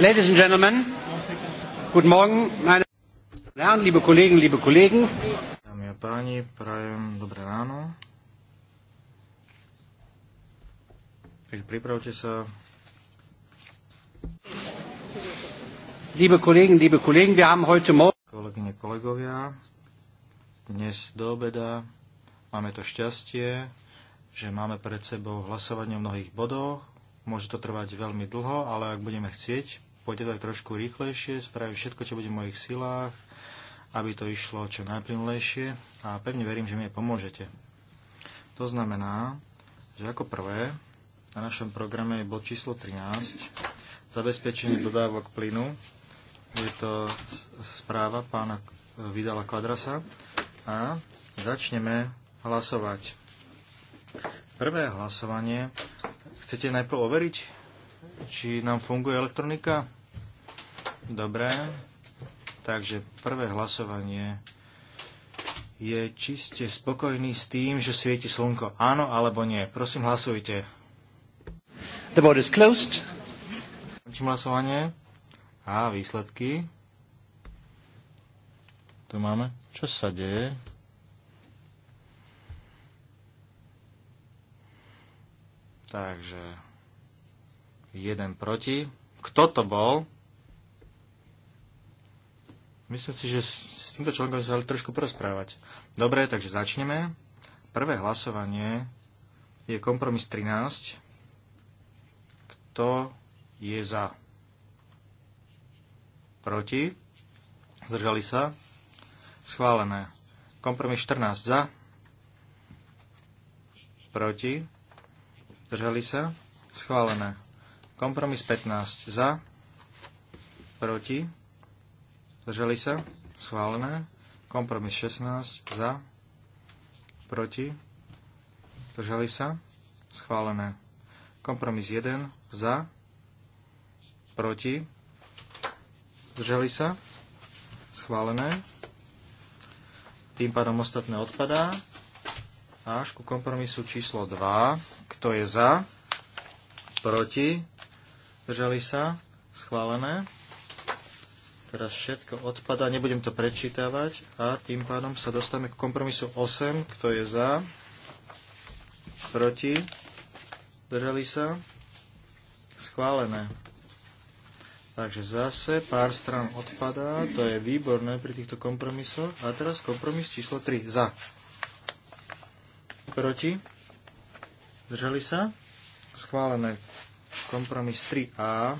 Ladies and gentlemen, guten Morgen, meine Herren, liebe Kollegen, liebe Kollegen. Dámy a páni, prajem dobré ráno. Takže pripravte sa. Liebe Kollegen, liebe Kollegen, wir haben heute Morgen... Kolegyne, kolegovia, dnes do obeda máme to šťastie, že máme pred sebou hlasovanie o mnohých bodoch, môže to trvať veľmi dlho, ale ak budeme chcieť, pôjde tak trošku rýchlejšie, spravím všetko, čo bude v mojich silách, aby to išlo čo najplynulejšie a pevne verím, že mi pomôžete. To znamená, že ako prvé na našom programe je bod číslo 13, zabezpečenie dodávok plynu. Je to správa pána Vidala Kvadrasa a začneme hlasovať. Prvé hlasovanie. Chcete najprv overiť či nám funguje elektronika. Dobre. Takže prvé hlasovanie je, či ste spokojní s tým, že svieti slnko. Áno alebo nie. Prosím, hlasujte. The board is closed. Končím hlasovanie. A výsledky. Tu máme. Čo sa deje? Takže jeden proti. Kto to bol? Myslím si, že s týmto človekom sa trošku porozprávať. Dobre, takže začneme. Prvé hlasovanie je kompromis 13. Kto je za? Proti? Zdržali sa? Schválené. Kompromis 14 za? Proti? Zdržali sa? Schválené. Kompromis 15 za, proti, zdržali sa, schválené. Kompromis 16 za, proti, zdržali sa, schválené. Kompromis 1 za, proti, zdržali sa, schválené. Tým pádom ostatné odpadá až ku kompromisu číslo 2. Kto je za? Proti? zdržali sa, schválené. Teraz všetko odpada, nebudem to prečítavať a tým pádom sa dostávame k kompromisu 8, kto je za, proti, zdržali sa, schválené. Takže zase pár strán odpadá, to je výborné pri týchto kompromisoch. A teraz kompromis číslo 3, za. Proti, zdržali sa, schválené. Kompromis 3A.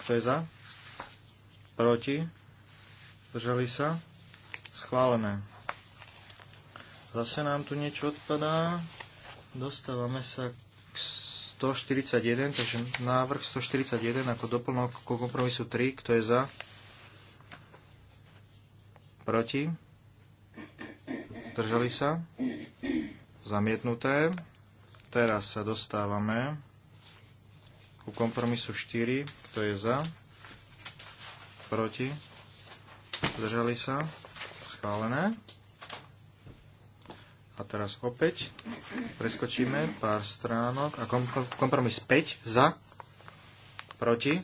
Kto je za? Proti? Zdržali sa? Schválené. Zase nám tu niečo odpadá. Dostávame sa k 141, takže návrh 141 ako doplnok k kompromisu 3. Kto je za? Proti? Zdržali sa? Zamietnuté. Teraz sa dostávame ku kompromisu 4. Kto je za? Proti? Zdržali sa? Schválené. A teraz opäť preskočíme pár stránok a kompromis 5 za, proti,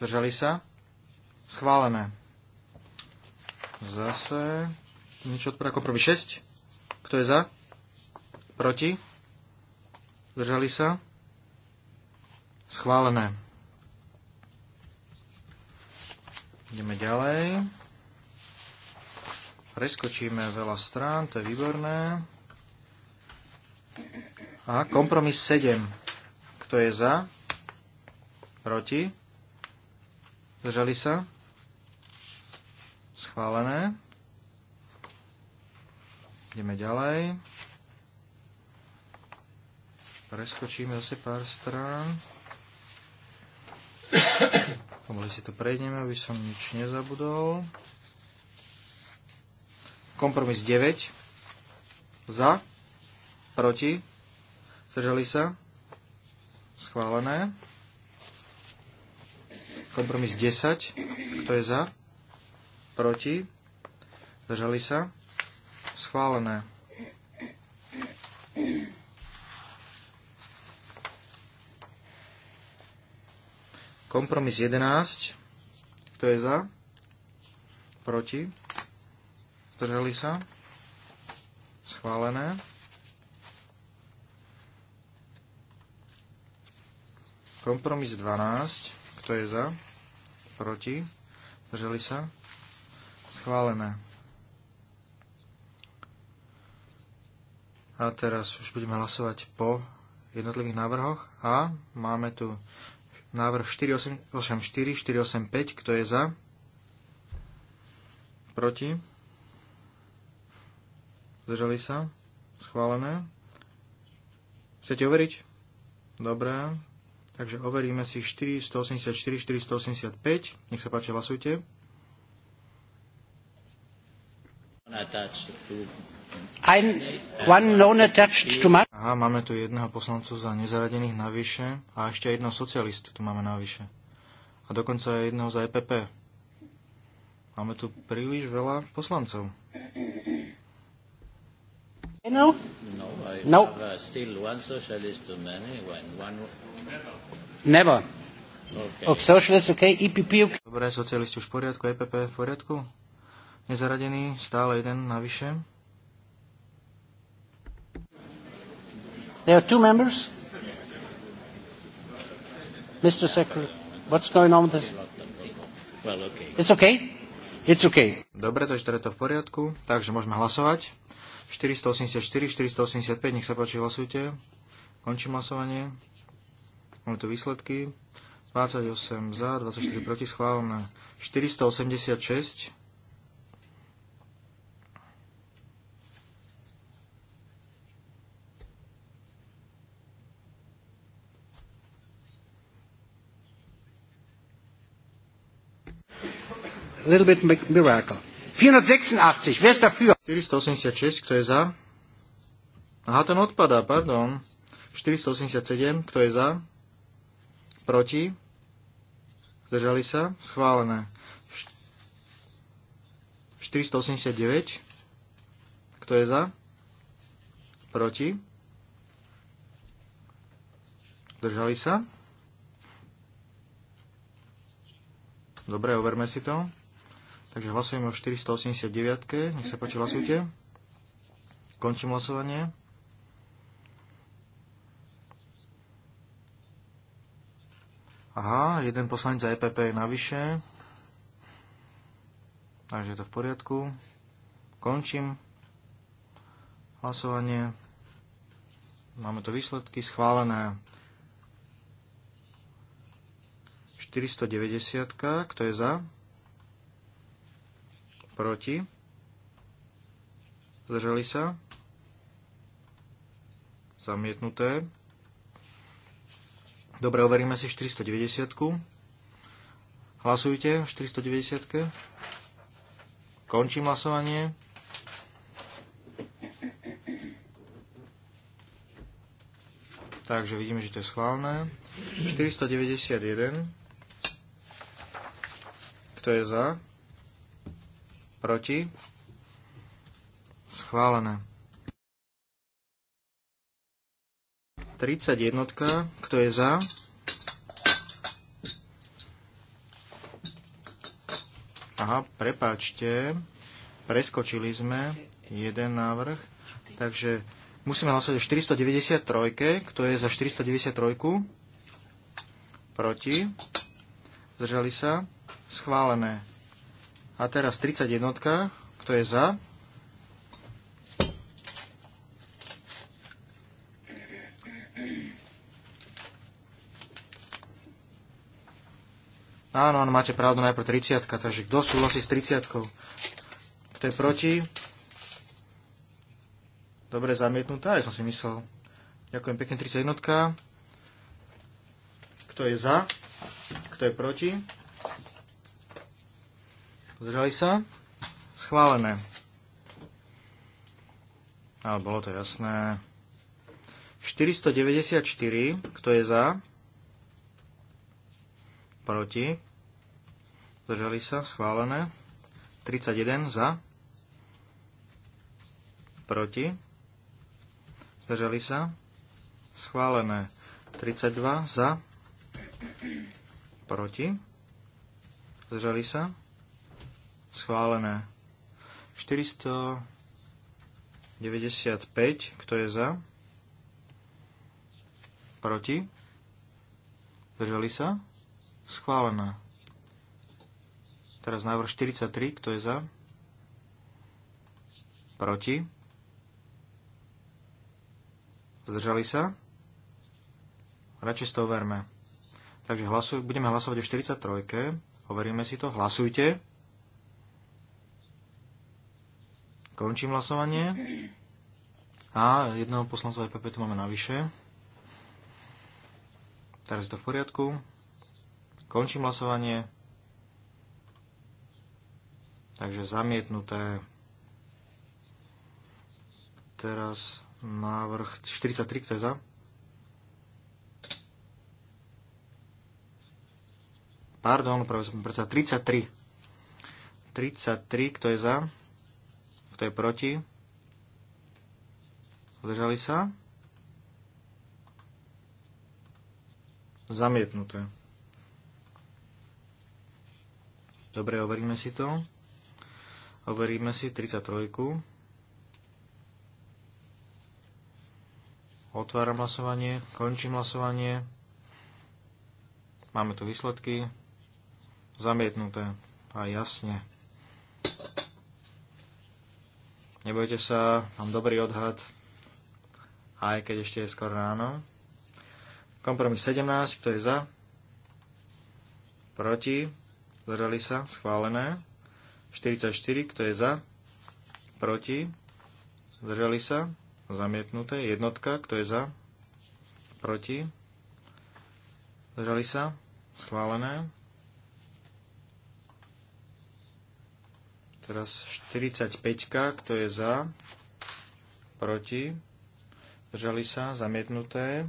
zdržali sa, schválené. Zase niečo odpadá kompromis 6. Kto je za? Proti? Zdržali sa? Schválené. Ideme ďalej. Preskočíme veľa strán, to je výborné. A kompromis 7. Kto je za? Proti? Zdržali sa? Schválené. Ideme ďalej. Preskočíme zase pár strán. Pomaly si to prejdeme, aby som nič nezabudol. Kompromis 9. Za. Proti. Zdržali sa. Schválené. Kompromis 10. Kto je za? Proti. Zdržali sa. Schválené. Kompromis 11. Kto je za? Proti? Zdržali sa? Schválené. Kompromis 12. Kto je za? Proti? Zdržali sa? Schválené. A teraz už budeme hlasovať po jednotlivých návrhoch. A máme tu Návrh 484, 485, kto je za? Proti? Zdržali sa? Schválené. Chcete overiť? Dobre. Takže overíme si 484, 485. Nech sa páči, hlasujte. Aha, máme tu jedného poslancu za nezaradených navyše a ešte jedného socialistu tu máme navyše. A dokonca aj jedného za EPP. Máme tu príliš veľa poslancov. No, I no. no uh, still one socialist too many, one... Never. Okay. Oh, socialist, okay, EPP... Okay. Dobre, socialisti už v poriadku, EPP v poriadku? Nezaradený, stále jeden navyše. There are two members? Mr. Secretary, what's going on with this? Well, okay. It's okay? It's okay. Dobre, takže teda je to v poriadku, takže môžeme hlasovať. 484, 485, nech sa páči, hlasujte. Končím hlasovanie. Máme tu výsledky. 28 za, 24 proti, schválené. 486, little bit miracle. 486, wer ist dafür? 486, kto je za? Aha, ten odpadá, pardon. 487, kto je za? Proti? Zdržali sa? Schválené. 489, kto je za? Proti? Zdržali sa? Dobre, overme si to. Takže hlasujeme o 489. Nech sa páči, hlasujte. Končím hlasovanie. Aha, jeden poslanec za EPP je navyše. Takže je to v poriadku. Končím hlasovanie. Máme to výsledky schválené. 490, kto je za? proti, zdržali sa, zamietnuté. Dobre, overíme si 490. Hlasujte v 490. Končím hlasovanie. Takže vidíme, že to je schválne. 491. Kto je za? Proti? Schválené. 31. Kto je za? Aha, prepáčte. Preskočili sme jeden návrh. Takže musíme hlasovať o 493. Kto je za 493? Proti? Zdržali sa? Schválené. A teraz 31, kto je za? Áno, áno, máte pravdu, najprv 30, takže kto súhlasí s 30? Kto je proti? Dobre, zamietnutá, ja som si myslel. Ďakujem pekne, 31. Kto je za? Kto je proti? Zdržali sa? Schválené. Ale bolo to jasné. 494, kto je za? Proti? Zdržali sa? Schválené. 31 za? Proti? Zdržali sa? Schválené. 32 za? Proti? Zdržali sa? schválené. 495, kto je za? Proti? Držali sa? Schválené. Teraz návrh 43, kto je za? Proti? Zdržali sa? Radšej to overme. Takže hlasuj, budeme hlasovať o 43. Overíme si to. Hlasujte. Končím hlasovanie. A jedného poslanca EPP tu máme navyše. Teraz je to v poriadku. Končím hlasovanie. Takže zamietnuté. Teraz návrh 43, kto je za? Pardon, práve som predsa 33. 33, kto je za? Kto je proti? Zdržali sa? Zamietnuté. Dobre, overíme si to. Overíme si 33. Otváram hlasovanie, končím hlasovanie. Máme tu výsledky. Zamietnuté. A jasne. Nebojte sa, mám dobrý odhad, aj keď ešte je skoro ráno. Kompromis 17, kto je za? Proti? Zdržali sa? Schválené. 44, kto je za? Proti? Zdržali sa? Zamietnuté. Jednotka, kto je za? Proti? Zdržali sa? Schválené. Teraz 45, kto je za, proti, zdržali sa, zamietnuté.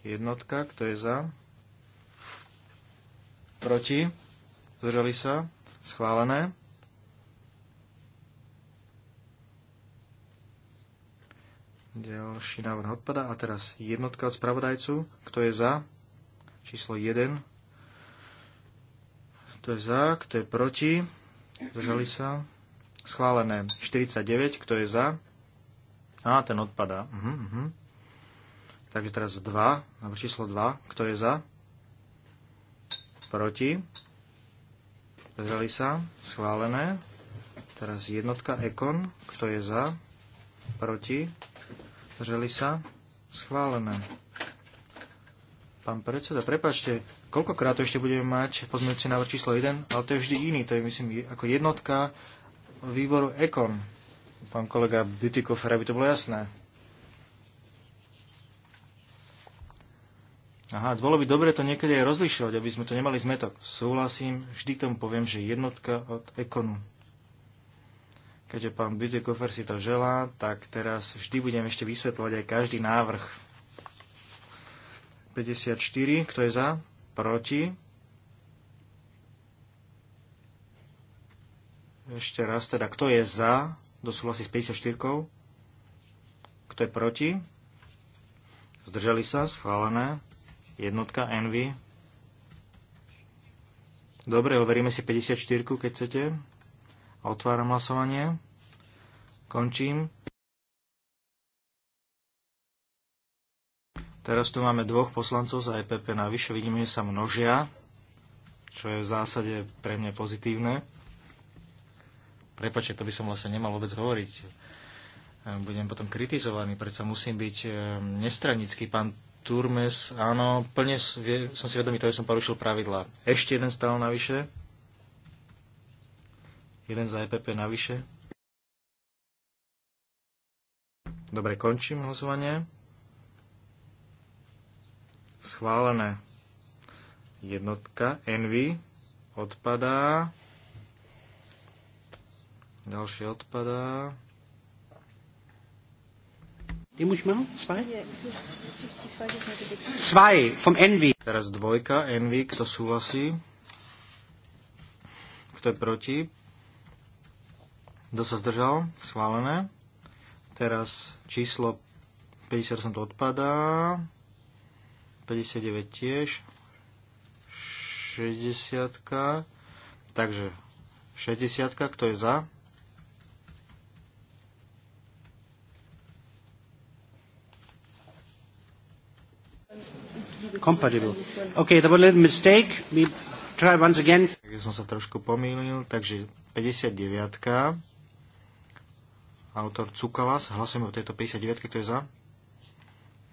Jednotka, kto je za, proti, zdržali sa, schválené. Ďalší návrh odpada. A teraz jednotka od spravodajcu. Kto je za? Číslo 1. Kto je za? Kto je proti? Zdržali sa? Schválené 49, kto je za? A, ten odpadá. Uh -huh, uh -huh. Takže teraz 2, návrh číslo 2, kto je za? Proti? Zdržali sa? Schválené. Teraz jednotka Ekon, kto je za? Proti? Zdržali sa? Schválené. Pán predseda, prepačte, Koľkokrát to ešte budeme mať pozmeňujúci návrh číslo 1, ale to je vždy iný, to je myslím ako jednotka výboru EKON. Pán kolega Bytikofer, aby to bolo jasné. Aha, bolo by dobre to niekedy aj rozlišovať, aby sme to nemali zmetok. Súhlasím, vždy k tomu poviem, že jednotka od ekonu. Keďže pán Bütikofer si to želá, tak teraz vždy budem ešte vysvetľovať aj každý návrh. 54, kto je za? Proti? Ešte raz teda, kto je za, kto súhlasí s 54, kto je proti? Zdržali sa, schválené. Jednotka Envy. Dobre, overíme si 54, keď chcete. Otváram hlasovanie. Končím. Teraz tu máme dvoch poslancov za EPP navyše, vidíme, že sa množia, čo je v zásade pre mňa pozitívne. Prepačte, to by som vlastne nemal vôbec hovoriť. Ehm, budem potom kritizovaný, prečo musím byť ehm, nestranický. Pán Turmes, áno, plne som si vedomý toho, že som porušil pravidla. Ešte jeden stál navyše. Jeden za EPP navyše. Dobre, končím hlasovanie schválené. Jednotka Envy odpadá. Ďalšie odpadá. Ty muss ich machen? Zwei? Zwei vom Envy. Teraz dvojka, Envy, kto súhlasí? Kto je proti? Kto sa zdržal? Schválené. Teraz číslo 50 odpadá. 59 tiež, 60. Takže 60, kto je za? Compatible. OK, that was a mistake. We try once again. Takže som sa trošku pomýlil, takže 59. Autor Cukalas, hlasujeme o tejto 59, kto je za?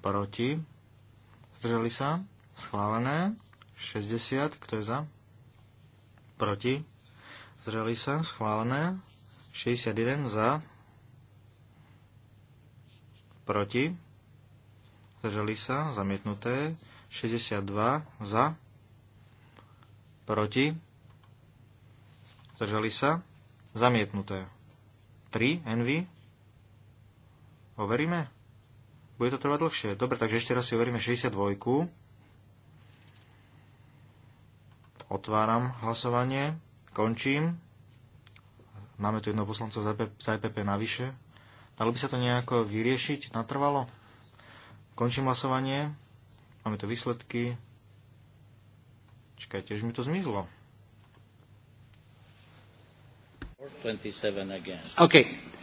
Proti. Zdržali sa? Schválené. 60. Kto je za? Proti. Zdržali sa? Schválené. 61. Za. Proti. Zdržali sa? Zamietnuté. 62. Za. Proti. Zdržali sa? Zamietnuté. 3. Envy. Overíme? Bude to trvať dlhšie. Dobre, takže ešte raz si overíme 62. Otváram hlasovanie. Končím. Máme tu jedno poslancov za EPP navyše. Dalo by sa to nejako vyriešiť natrvalo? Končím hlasovanie. Máme tu výsledky. Čakajte, už mi to zmizlo.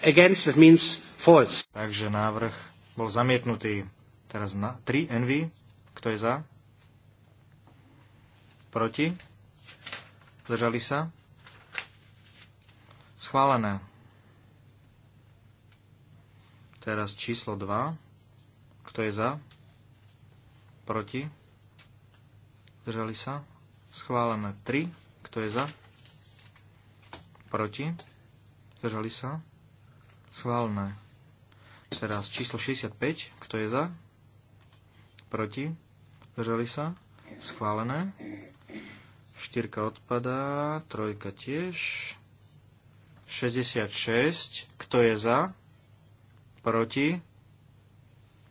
Against, means false. Takže návrh bol zamietnutý. Teraz na 3 NV. Kto je za? Proti? Zdržali sa? Schválené. Teraz číslo 2. Kto je za? Proti? Zdržali sa? Schválené 3. Kto je za? Proti? Zdržali sa? Schválené Teraz číslo 65, kto je za? Proti? Zdržali sa? Schválené. Štyrka odpadá, trojka tiež. 66, kto je za? Proti?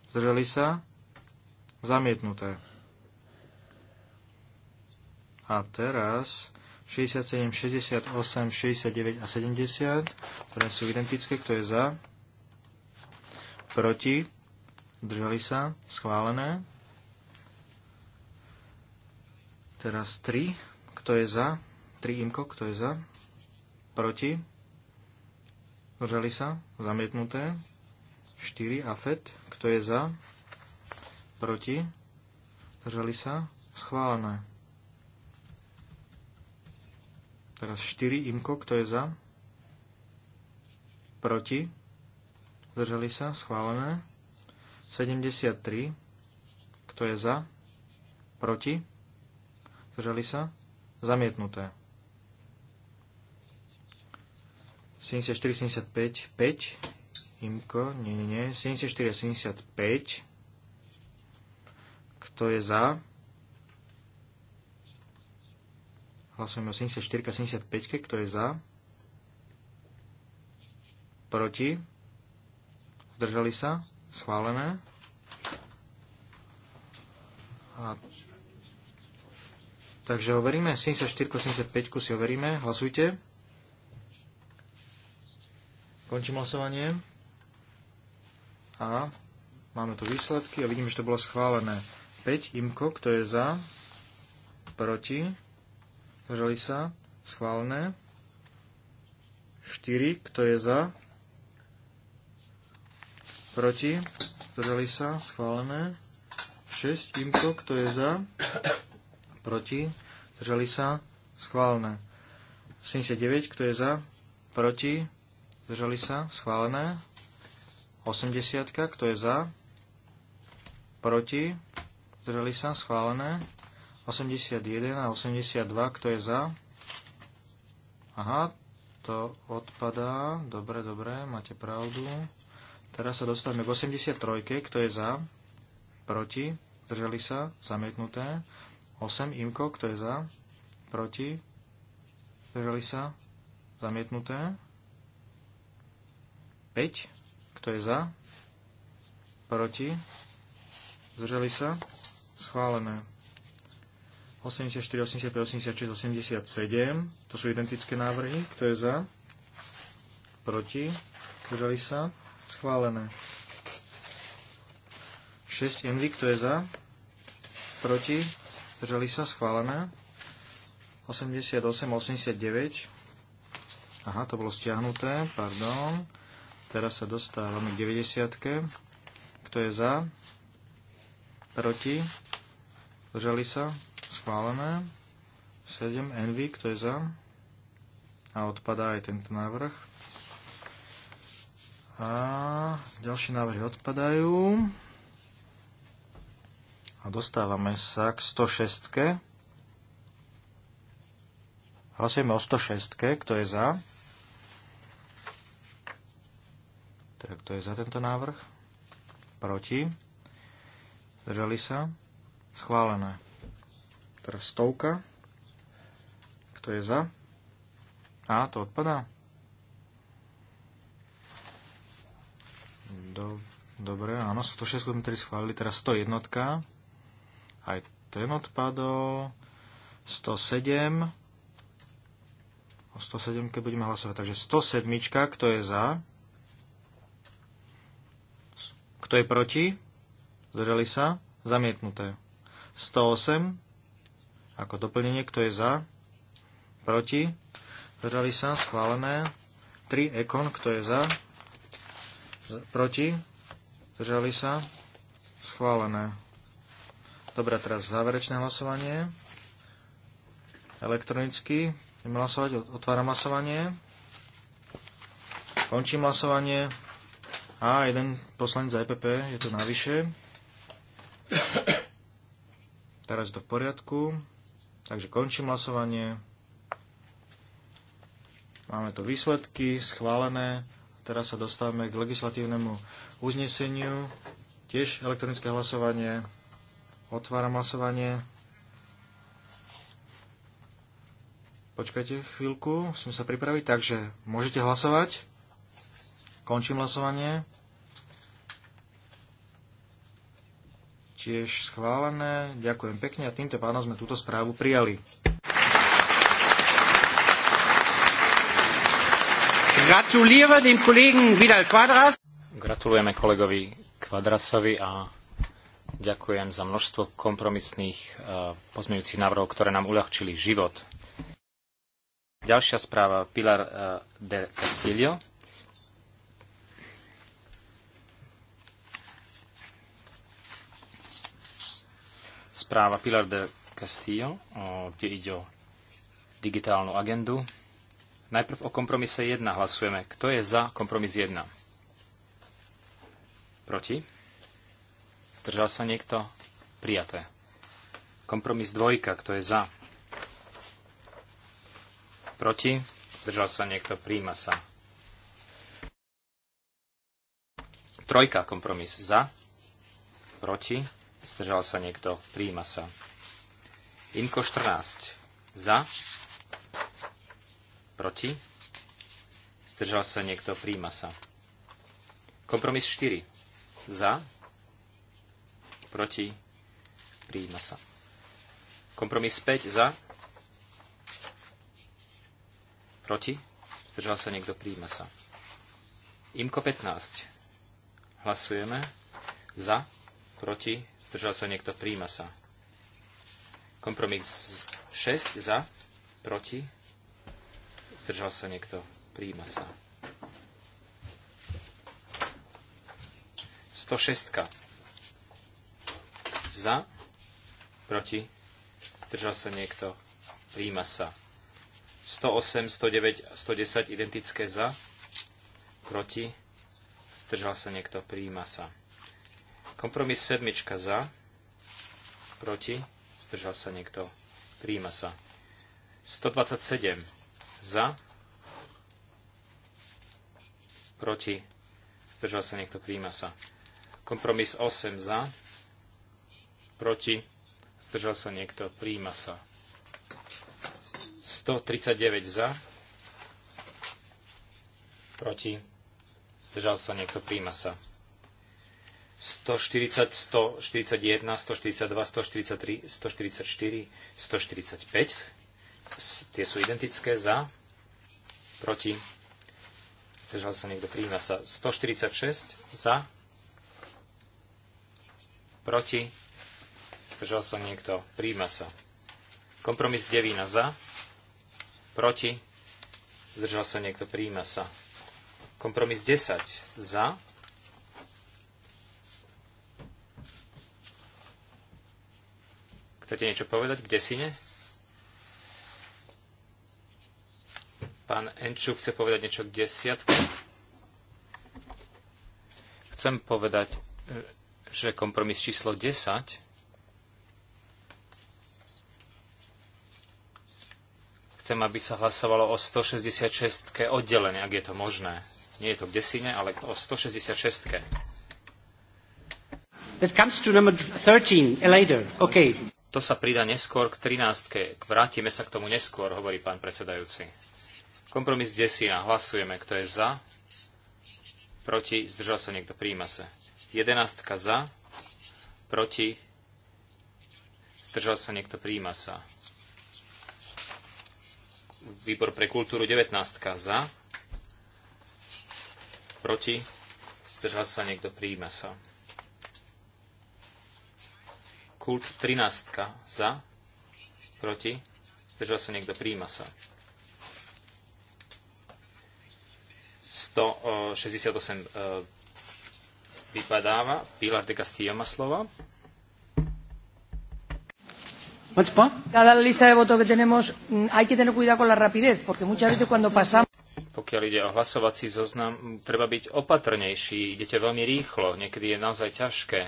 Zdržali sa? Zamietnuté. A teraz 67, 68, 69 a 70, ktoré sú identické, kto je za? proti, zdržali sa, schválené. Teraz 3, kto je za, 3 imko, kto je za, proti, zdržali sa, zamietnuté. 4, afet, kto je za, proti, zdržali sa, schválené. Teraz 4, imko, kto je za, proti, zdržali sa, schválené. 73, kto je za, proti, zdržali sa, zamietnuté. 74, 75, 5, Imko, nie, nie, nie, 74 75, kto je za, hlasujeme o 74 75, kto je za, proti, Zdržali sa? Schválené. A... Takže overíme. 74 75 si overíme. Hlasujte. Končím hlasovanie. A máme tu výsledky a vidím, že to bolo schválené. 5 imko, kto je za, proti, zdržali sa, schválené. 4, kto je za, proti, zdržali sa, schválené. 6, imko, kto je za, proti, zdržali sa, schválené. 79, kto je za, proti, zdržali sa, schválené. 80, kto je za, proti, zdržali sa, schválené. 81 a 82, kto je za, aha, to odpadá, dobre, dobre, máte pravdu. Teraz sa dostávame k 83. Kto je za? Proti? Zdržali sa? Zamietnuté. 8. Imko. Kto je za? Proti? Zdržali sa? Zamietnuté. 5. Kto je za? Proti? Zdržali sa? Schválené. 84, 85, 86, 87. To sú identické návrhy. Kto je za? Proti? Zdržali sa? Schválené. 6 envy, kto je za? Proti? Zdržali sa? Schválené. 88, 89. Aha, to bolo stiahnuté, pardon. Teraz sa dostávame k 90. Kto je za? Proti? Zdržali sa? Schválené. 7 envy, kto je za? A odpadá aj tento návrh. A ďalšie návrhy odpadajú. A dostávame sa k 106. Hlasujeme o 106. Kto je za? Tak, kto je za tento návrh? Proti? Zdržali sa? Schválené. Teraz stovka. Kto je za? A, to odpadá. Do, dobre, áno, sú to všetko, sme tedy schválili. Teraz 101. Aj ten odpadol. 107. O 107 budeme hlasovať. Takže 107, kto je za? Kto je proti? Zdržali sa? Zamietnuté. 108. Ako doplnenie, kto je za? Proti? Zdržali sa? Schválené. 3. Ekon, kto je za? Proti? Zdržali sa? Schválené. Dobre, teraz záverečné hlasovanie. Elektronicky. Ideme hlasovať. Otváram hlasovanie. Končím hlasovanie. A jeden poslanec za EPP je tu navyše. Teraz to v poriadku. Takže končím hlasovanie. Máme tu výsledky schválené. Teraz sa dostávame k legislatívnemu uzneseniu. Tiež elektronické hlasovanie. Otváram hlasovanie. Počkajte chvíľku, musím sa pripraviť. Takže môžete hlasovať. Končím hlasovanie. Tiež schválené. Ďakujem pekne a týmto pánom sme túto správu prijali. Gratulujeme kolegovi Kvadrasovi a ďakujem za množstvo kompromisných e, pozmeňujúcich návrhov, ktoré nám uľahčili život. Ďalšia správa Pilar e, de Castillo. Správa Pilar de Castillo, kde ide o digitálnu agendu. Najprv o kompromise 1 hlasujeme. Kto je za kompromis 1? Proti? Zdržal sa niekto? Prijaté. Kompromis 2. Kto je za? Proti? Zdržal sa niekto? Príjma sa. Trojka kompromis za. Proti? Zdržal sa niekto? Príjma sa. Inko 14. Za Proti? Zdržal sa niekto? Príjma sa. Kompromis 4. Za? Proti? Príjma sa. Kompromis 5. Za? Proti? Zdržal sa niekto? Príjma sa. Imko 15. Hlasujeme. Za? Proti? Zdržal sa niekto? Príjma sa. Kompromis 6. Za? Proti? Zdržal sa niekto? Príjima sa. 106. Za? Proti? Zdržal sa niekto? Príjima sa. 108, 109, 110 identické za? Proti? Zdržal sa niekto? Príjima sa. Kompromis sedmička za? Proti? Zdržal sa niekto? Príjima sa. 127 za, proti, zdržal sa niekto, príjma sa. Kompromis 8 za, proti, zdržal sa niekto, príjma sa. 139 za, proti, zdržal sa niekto, príjma sa. 140, 141, 142, 143, 144, 145 Tie sú identické za, proti, zdržal sa niekto, príjma sa 146 za, proti, zdržal sa niekto, príjma sa. Kompromis 9 za, proti, zdržal sa niekto, príjma sa. Kompromis 10 za, Chcete niečo povedať k desine? Pán Enču chce povedať niečo k desiatke. Chcem povedať, e, že kompromis číslo 10 chcem, aby sa hlasovalo o 166 oddelenie, ak je to možné. Nie je to k desine, ale o 166. That comes to number 13 later. Okay. To sa pridá neskôr k 13. Vrátime sa k tomu neskôr, hovorí pán predsedajúci. Kompromis 10. Hlasujeme, kto je za. Proti. Zdržal sa niekto. príjma sa. 11. Za. Proti. Zdržal sa niekto. príjma sa. Výbor pre kultúru 19. Za. Proti. Zdržal sa niekto. príjma sa. Kult 13. Za. Proti. Zdržal sa niekto. príjma sa. 168 eh, eh, vypadáva. Pilar de Castillo má slovo. Cada lista de votos que tenemos mm, hay que tener cuidado con la rapidez, porque muchas veces cuando pasamos pokiaľ ide o hlasovací zoznam, treba byť opatrnejší, idete veľmi rýchlo, niekedy je naozaj ťažké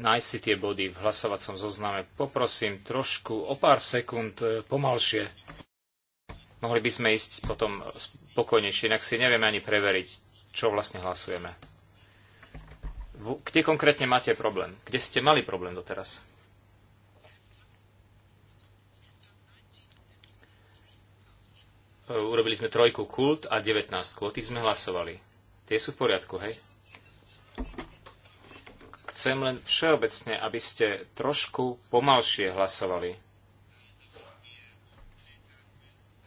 nájsť si tie body v hlasovacom zozname. Poprosím trošku o pár sekúnd eh, pomalšie mohli by sme ísť potom spokojnejšie, inak si nevieme ani preveriť, čo vlastne hlasujeme. Kde konkrétne máte problém? Kde ste mali problém doteraz? E, urobili sme trojku kult a 19. O tých sme hlasovali. Tie sú v poriadku, hej? Chcem len všeobecne, aby ste trošku pomalšie hlasovali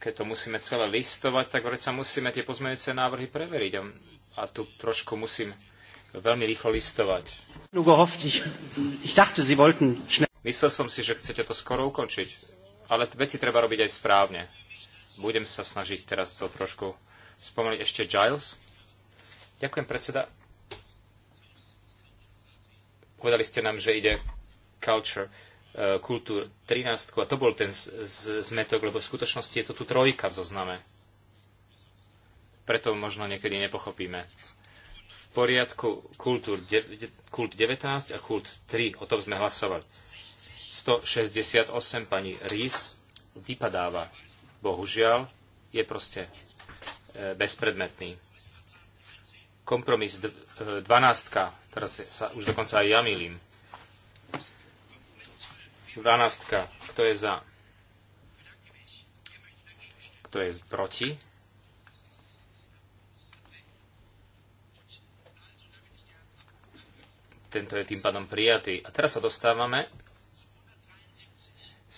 keď to musíme celé listovať, tak sa musíme tie pozmeňujúce návrhy preveriť. A tu trošku musím veľmi rýchlo listovať. Myslel som si, že chcete to skoro ukončiť, ale veci treba robiť aj správne. Budem sa snažiť teraz to trošku spomenúť ešte Giles. Ďakujem, predseda. Povedali ste nám, že ide culture. E, kultúr 13 a to bol ten zmetok, lebo v skutočnosti je to tu trojka v zozname. Preto možno niekedy nepochopíme. V poriadku kultúr, de, kult 19 a kult 3, o tom sme hlasovali. 168 pani Rís vypadáva. Bohužiaľ, je proste e, bezpredmetný. Kompromis 12, e, teraz sa už dokonca aj ja milím 12. Kto je za? Kto je proti? Tento je tým pádom prijatý. A teraz sa dostávame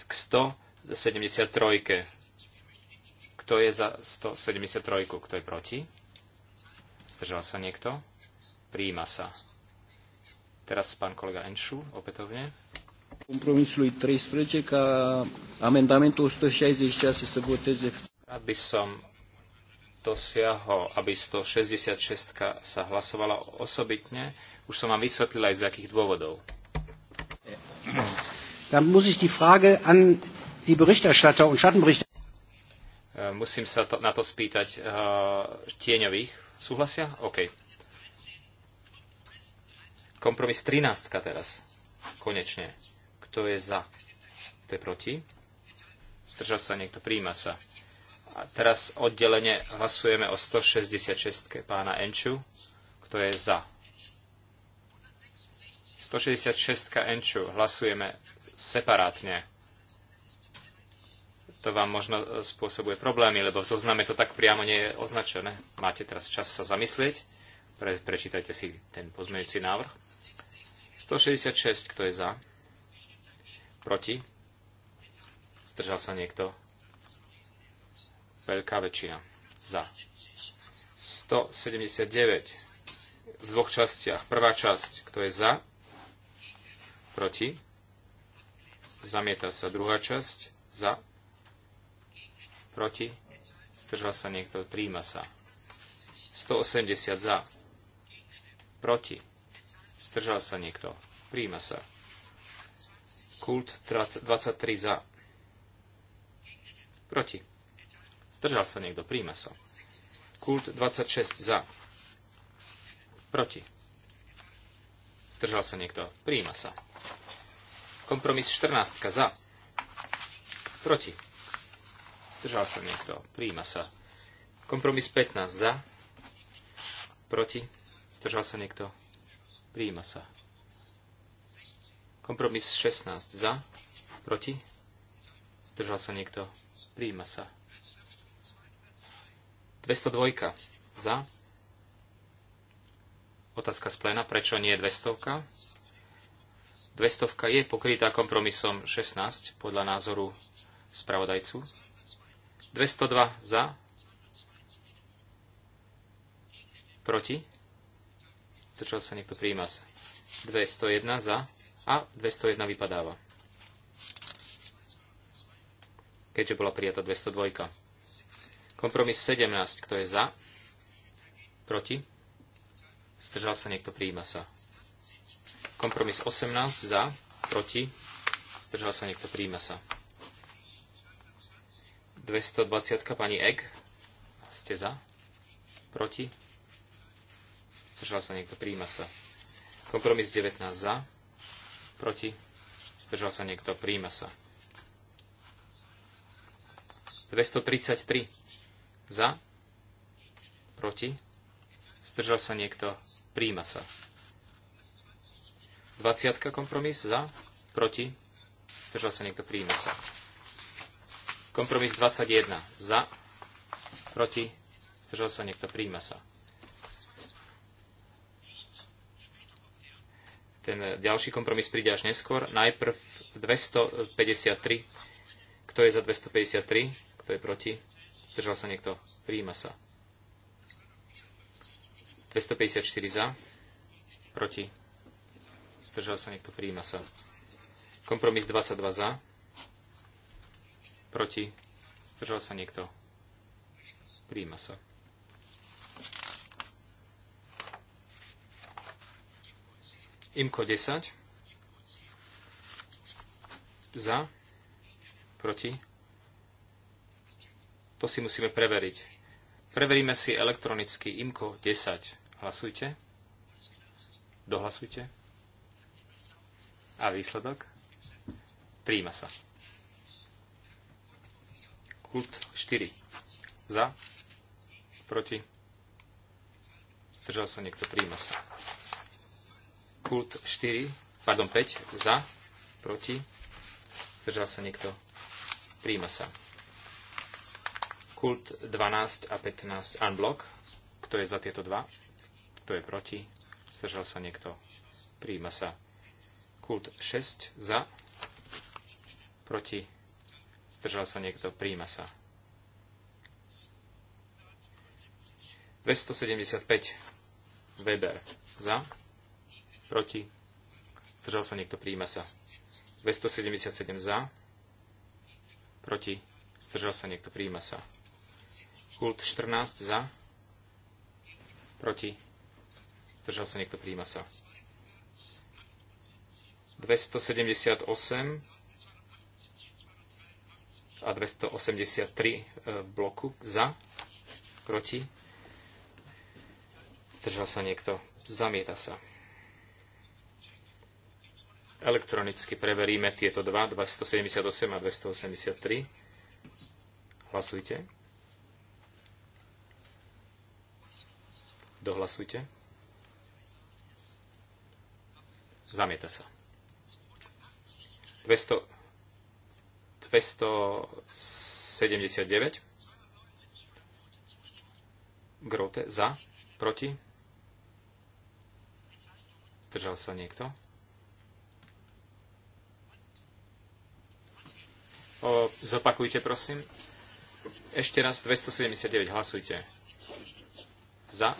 k 173. Kto je za 173? Kto je proti? Zdržal sa niekto? Príjima sa. Teraz pán kolega Enšu opätovne. Kompromisului 13 ca amendamentul 166 să voteze. Aby som dosiahol, aby 166 sa hlasovala osobitne. Už som vám vysvetlil aj z akých dôvodov. Dann muss ich die Frage an die Berichterstatter und Schattenberichter. Äh, musím sa to, na to spýtať uh, tieňových. Súhlasia? OK. Kompromis 13 teraz. Konečne. Kto je za? Kto je proti? Zdržal sa niekto? Príjma sa. A teraz oddelenie hlasujeme o 166 pána Enču. Kto je za? 166 Enču. Hlasujeme separátne. To vám možno e, spôsobuje problémy, lebo v zozname to tak priamo nie je označené. Máte teraz čas sa zamyslieť. Pre, prečítajte si ten pozmeňujúci návrh. 166, kto je za? Proti? Zdržal sa niekto? Veľká väčšina. Za. 179 v dvoch častiach. Prvá časť, kto je za? Proti? Zamieta sa druhá časť. Za? Proti? Zdržal sa niekto? Príjima sa. 180 za. Proti? Zdržal sa niekto? Príjima sa. Kult 23 za. Proti. Zdržal sa niekto, príjme sa. Kult 26 za. Proti. Zdržal sa niekto, príjme sa. Kompromis 14 za. Proti. Zdržal sa niekto, príjme sa. Kompromis 15 za. Proti. Zdržal sa niekto, príjme sa. Kompromis 16 za, proti, zdržal sa niekto, príjima sa. 202 za, otázka z pléna, prečo nie 200? 200 je pokrytá kompromisom 16 podľa názoru spravodajcu. 202 za, proti, zdržal sa niekto, príjima sa. 201 za, a 201 vypadáva. Keďže bola prijata 202. Kompromis 17, kto je za? Proti? Zdržal sa niekto, prijíma sa. Kompromis 18, za? Proti? Zdržal sa niekto, prijíma sa. 220, pani Egg. Ste za? Proti? Zdržal sa niekto, prijíma sa. Kompromis 19 za, proti, zdržal sa niekto, príjma sa. 233 za, proti, zdržal sa niekto, príjma sa. 20 kompromis za, proti, zdržal sa niekto, príjma sa. Kompromis 21 za, proti, zdržal sa niekto, príjma sa. Ten ďalší kompromis príde až neskôr. Najprv 253. Kto je za 253? Kto je proti? Zdržal sa niekto? Prijíma sa. 254 za. Proti. Zdržal sa niekto? prijíma sa. Kompromis 22 za. Proti. Zdržal sa niekto? Prijíma sa. Imko 10. Za. Proti. To si musíme preveriť. Preveríme si elektronicky IMKO 10. Hlasujte. Dohlasujte. A výsledok? Príjma sa. Kult 4. Za. Proti. Zdržal sa niekto. Príjma sa. Kult 4, pardon, 5 za, proti, držal sa niekto, príjma sa. Kult 12 a 15 unblock, kto je za tieto dva, kto je proti, zdržal sa niekto, príjma sa. Kult 6 za, proti, zdržal sa niekto, príjma sa. 275 Weber za, proti, zdržal sa niekto, Príjme sa. 277 za, proti, zdržal sa niekto, Príjme sa. Kult 14 za, proti, zdržal sa niekto, Príjme sa. 278 a 283 e, v bloku za, proti. Zdržal sa niekto. Zamieta sa. Elektronicky preveríme tieto dva, 278 a 283. Hlasujte. Dohlasujte. Zamieta sa. 200, 279. Grote za, proti. Zdržal sa niekto? O, zopakujte, prosím. Ešte raz 279. Hlasujte. Za.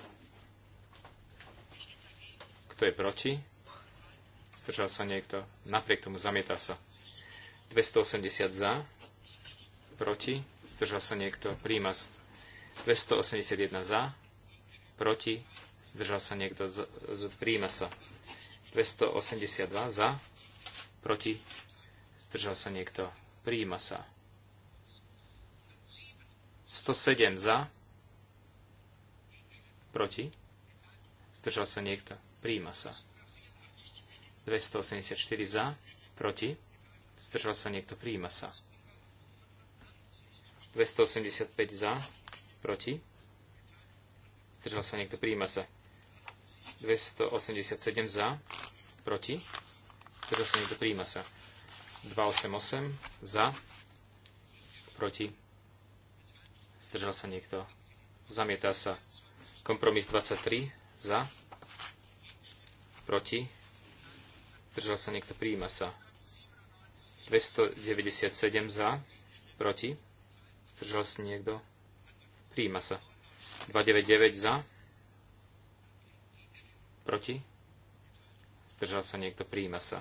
Kto je proti? Zdržal sa niekto? Napriek tomu zamieta sa. 280 za. Proti. Zdržal sa niekto? Príjma. 281 za. Proti. Zdržal sa niekto? Z, z, príjma sa. 282 za. Proti. Zdržal sa niekto? Príjima sa. 107 za. Proti. Zdržal sa niekto. Príjima sa. 284 za. Proti. Zdržal sa niekto. Príjima sa. 285 za. Proti. Zdržal sa niekto. Príjima sa. 287 za. Proti. Zdržal sa niekto. Príjima sa. 288 za, proti, zdržal sa niekto, zamieta sa. Kompromis 23 za, proti, zdržal sa niekto, prijíma sa. 297 za, proti, zdržal sa niekto, prijíma sa. 299 za, proti, zdržal sa niekto, prijíma sa.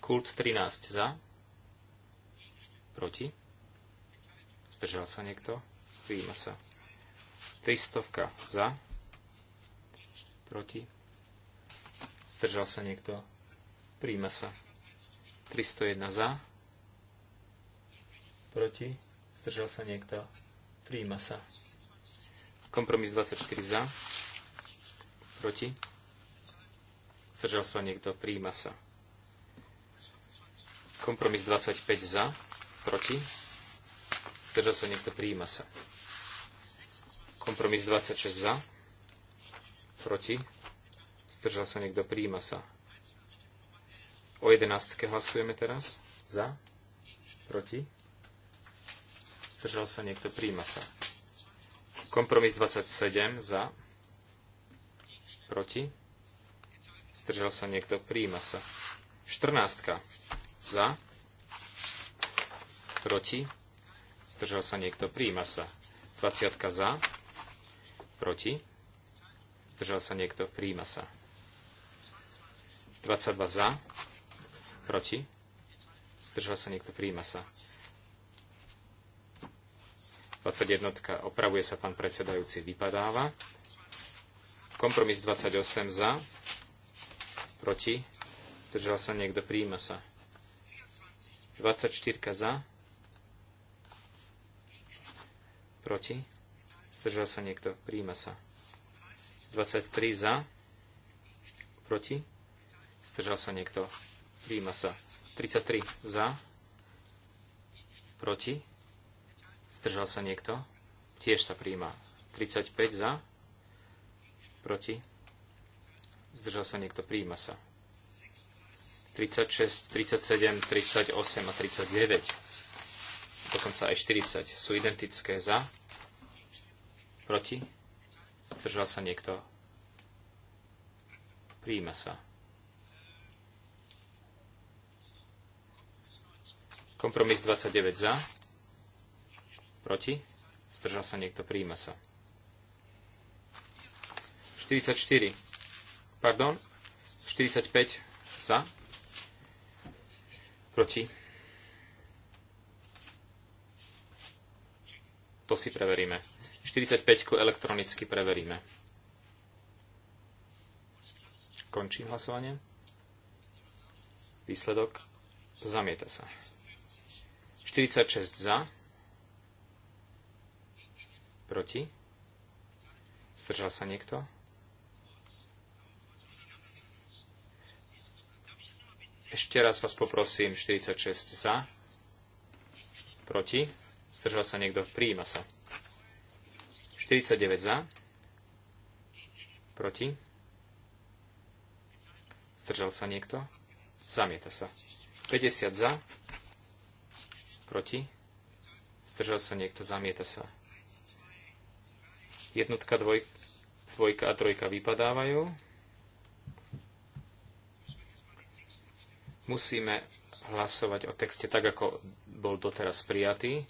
Kult 13 za. Proti. Zdržal sa niekto? Prijíma sa. 300 za. Proti. Zdržal sa niekto? Príjma sa. 301 za. Proti. Zdržal sa niekto? Príjma sa. Kompromis 24 za. Proti. Zdržal sa niekto? Príjma sa. Kompromis 25 za, proti. Zdržal sa niekto, prijíma sa. Kompromis 26 za, proti. Zdržal sa niekto, prijíma sa. O 11 hlasujeme teraz. Za, proti. Zdržal sa niekto, prijíma sa. Kompromis 27 za, proti. Zdržal sa niekto, prijíma sa. 14. Za. Proti. Zdržal sa niekto. Príjima sa. 20 za. Proti. Zdržal sa niekto. Príjima sa. 22 za. Proti. Zdržal sa niekto. Príjima sa. 21. Opravuje sa pán predsedajúci. Vypadáva. Kompromis 28 za. Proti. Zdržal sa niekto. Príjima sa. 24 za. Proti. Zdržal sa niekto. príjma sa. 23 za. Proti. Zdržal sa niekto. príjma sa. 33 za. Proti. Zdržal sa niekto. Tiež sa príjma. 35 za. Proti. Zdržal sa niekto. príjma sa. 36, 37, 38 a 39, dokonca aj 40, sú identické za, proti, zdržal sa niekto, príjme sa. Kompromis 29 za, proti, zdržal sa niekto, príjme sa. 44, pardon, 45 za, Proti? To si preveríme. 45 elektronicky preveríme. Končím hlasovanie. Výsledok. Zamieta sa. 46 za. Proti. Zdržal sa niekto? Ešte raz vás poprosím, 46 za, proti, zdržal sa niekto, prijíma sa. 49 za, proti, zdržal sa niekto, zamieta sa. 50 za, proti, zdržal sa niekto, zamieta sa. Jednotka, dvoj, dvojka a trojka vypadávajú. Musíme hlasovať o texte tak, ako bol doteraz prijatý.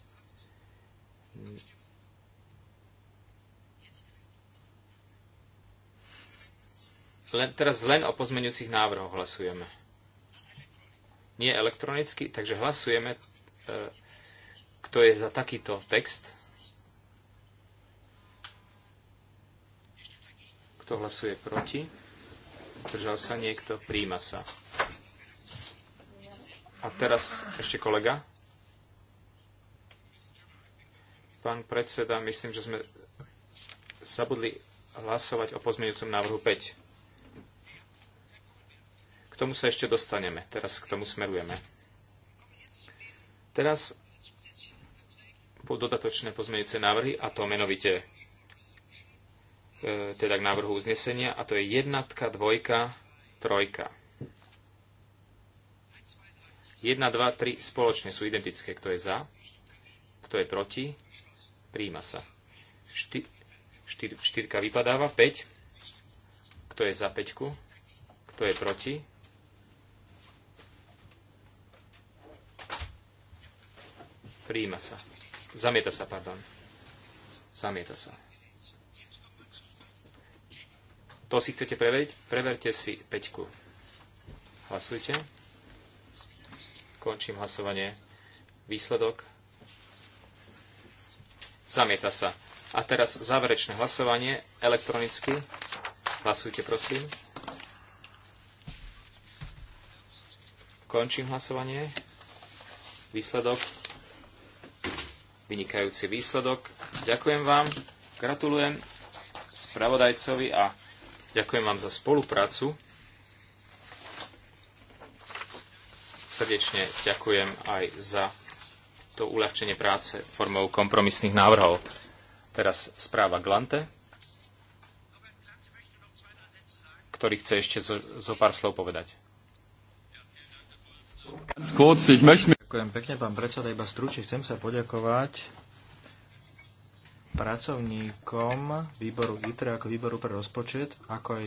Len, teraz len o pozmeňujúcich návrhoch hlasujeme. Nie elektronicky, takže hlasujeme, e, kto je za takýto text. Kto hlasuje proti? Zdržal sa niekto? Príjma sa. A teraz ešte kolega. Pán predseda, myslím, že sme zabudli hlasovať o pozmeňujúcom návrhu 5. K tomu sa ešte dostaneme. Teraz k tomu smerujeme. Teraz dodatočné pozmeňujúce návrhy, a to menovite e, teda k návrhu uznesenia, a to je jednatka, dvojka, trojka. 1, 2, 3 spoločne sú identické. Kto je za? Kto je proti? Príjma sa. 4 štyr, vypadáva. 5. Kto je za 5? Kto je proti? Príjma sa. Zamieta sa, pardon. Zamieta sa. To si chcete preveriť? Preverte si 5. Hlasujte. Končím hlasovanie. Výsledok. Zamieta sa. A teraz záverečné hlasovanie elektronicky. Hlasujte, prosím. Končím hlasovanie. Výsledok. Vynikajúci výsledok. Ďakujem vám. Gratulujem spravodajcovi a ďakujem vám za spoluprácu. Srdečne ďakujem aj za to uľahčenie práce formou kompromisných návrhov. Teraz správa Glante, ktorý chce ešte zo, zo pár slov povedať. Ďakujem pekne, pán predseda, iba stručne chcem sa poďakovať pracovníkom výboru ITRE ako výboru pre rozpočet, ako aj,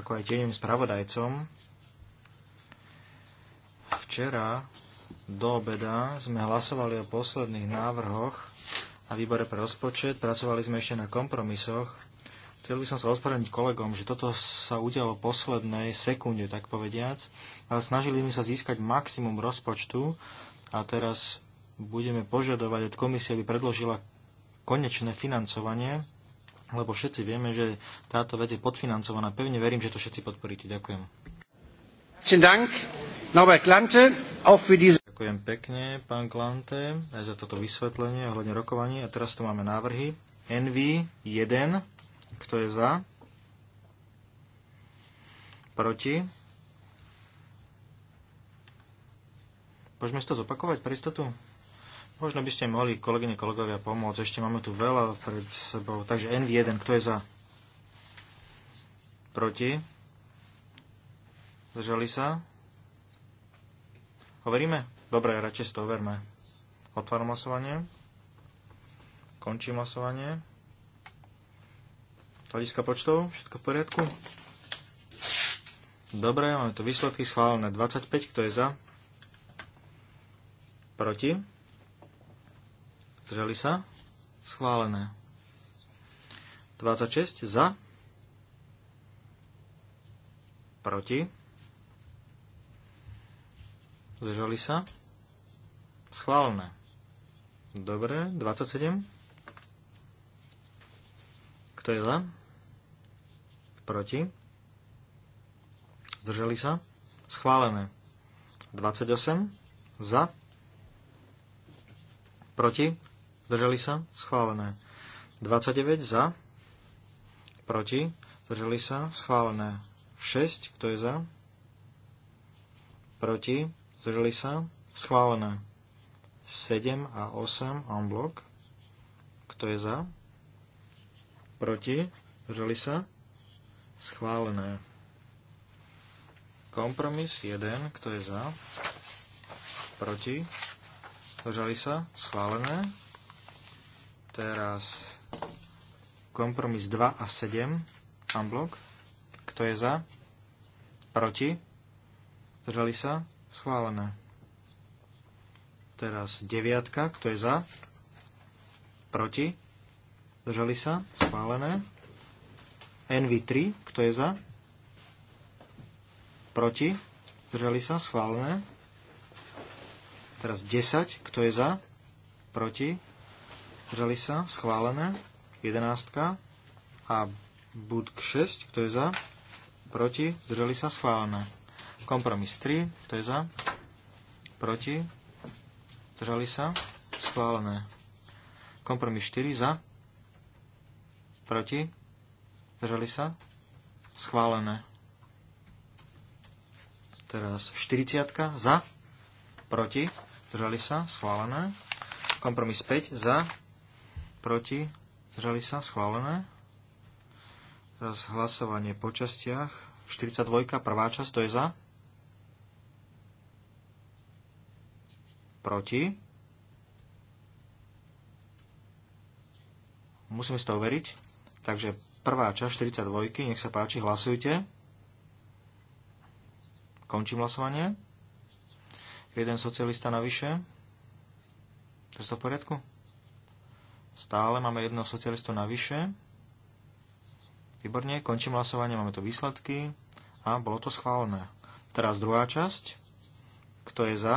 ako aj tieňom spravodajcom Včera do obeda sme hlasovali o posledných návrhoch na výbore pre rozpočet, pracovali sme ešte na kompromisoch. Chcel by som sa ospravedlniť kolegom, že toto sa udialo poslednej sekunde, tak povediac, ale snažili sme sa získať maximum rozpočtu a teraz budeme požadovať od komisie, aby predložila konečné financovanie lebo všetci vieme, že táto vec je podfinancovaná. Pevne verím, že to všetci podporíte. Ďakujem. Ďakujem pekne, pán Klante, aj za toto vysvetlenie ohľadne rokovaní. A teraz tu máme návrhy. NV 1, kto je za? Proti? Môžeme si to zopakovať pre istotu? Možno by ste mohli, kolegyne, kolegovia, pomôcť. Ešte máme tu veľa pred sebou. Takže NV1, kto je za? Proti? Zdržali sa? Overíme? Dobre, radšej si to overme. Otváram hlasovanie. Končím hlasovanie. Hľadiska počtov, všetko v poriadku? Dobre, máme tu výsledky schválené. 25, kto je za? Proti? Zdržali sa? Schválené. 26 za? Proti? Zdržali sa? Schválne. Dobre, 27. Kto je za? Proti? Zdržali sa? Schválené. 28. Za? Proti? Zdržali sa? Schválené. 29. Za? Proti? Zdržali sa? Schválené. 6. Kto je za? Proti? zdržali sa, schválené. 7 a 8 en blok, kto je za, proti, zdržali sa, schválené. Kompromis 1, kto je za, proti, zdržali sa, schválené. Teraz kompromis 2 a 7, bloc. Kto je za? Proti? Zdržali sa? Schválené. Teraz deviatka, kto je za? Proti? Zdržali sa? Schválené. NV3, kto je za? Proti? Zdržali sa? Schválené. Teraz 10, kto je za? Proti? Zdržali sa? Schválené. 11. A budk 6, kto je za? Proti? Zdržali sa? Schválené. Kompromis 3, kto je za? Proti? držali sa? Schválené. Kompromis 4 za? Proti? držali sa? Schválené. Teraz 40 za? Proti? držali sa? Schválené. Kompromis 5 za? Proti? držali sa? Schválené. Teraz hlasovanie po častiach. 42, prvá časť, to je za? proti. Musíme si to overiť. Takže prvá časť 42, nech sa páči, hlasujte. Končím hlasovanie. Jeden socialista navyše. je to v poriadku? Stále máme jedno socialistu navyše. Výborne, končím hlasovanie, máme tu výsledky. A bolo to schválené. Teraz druhá časť. Kto je za?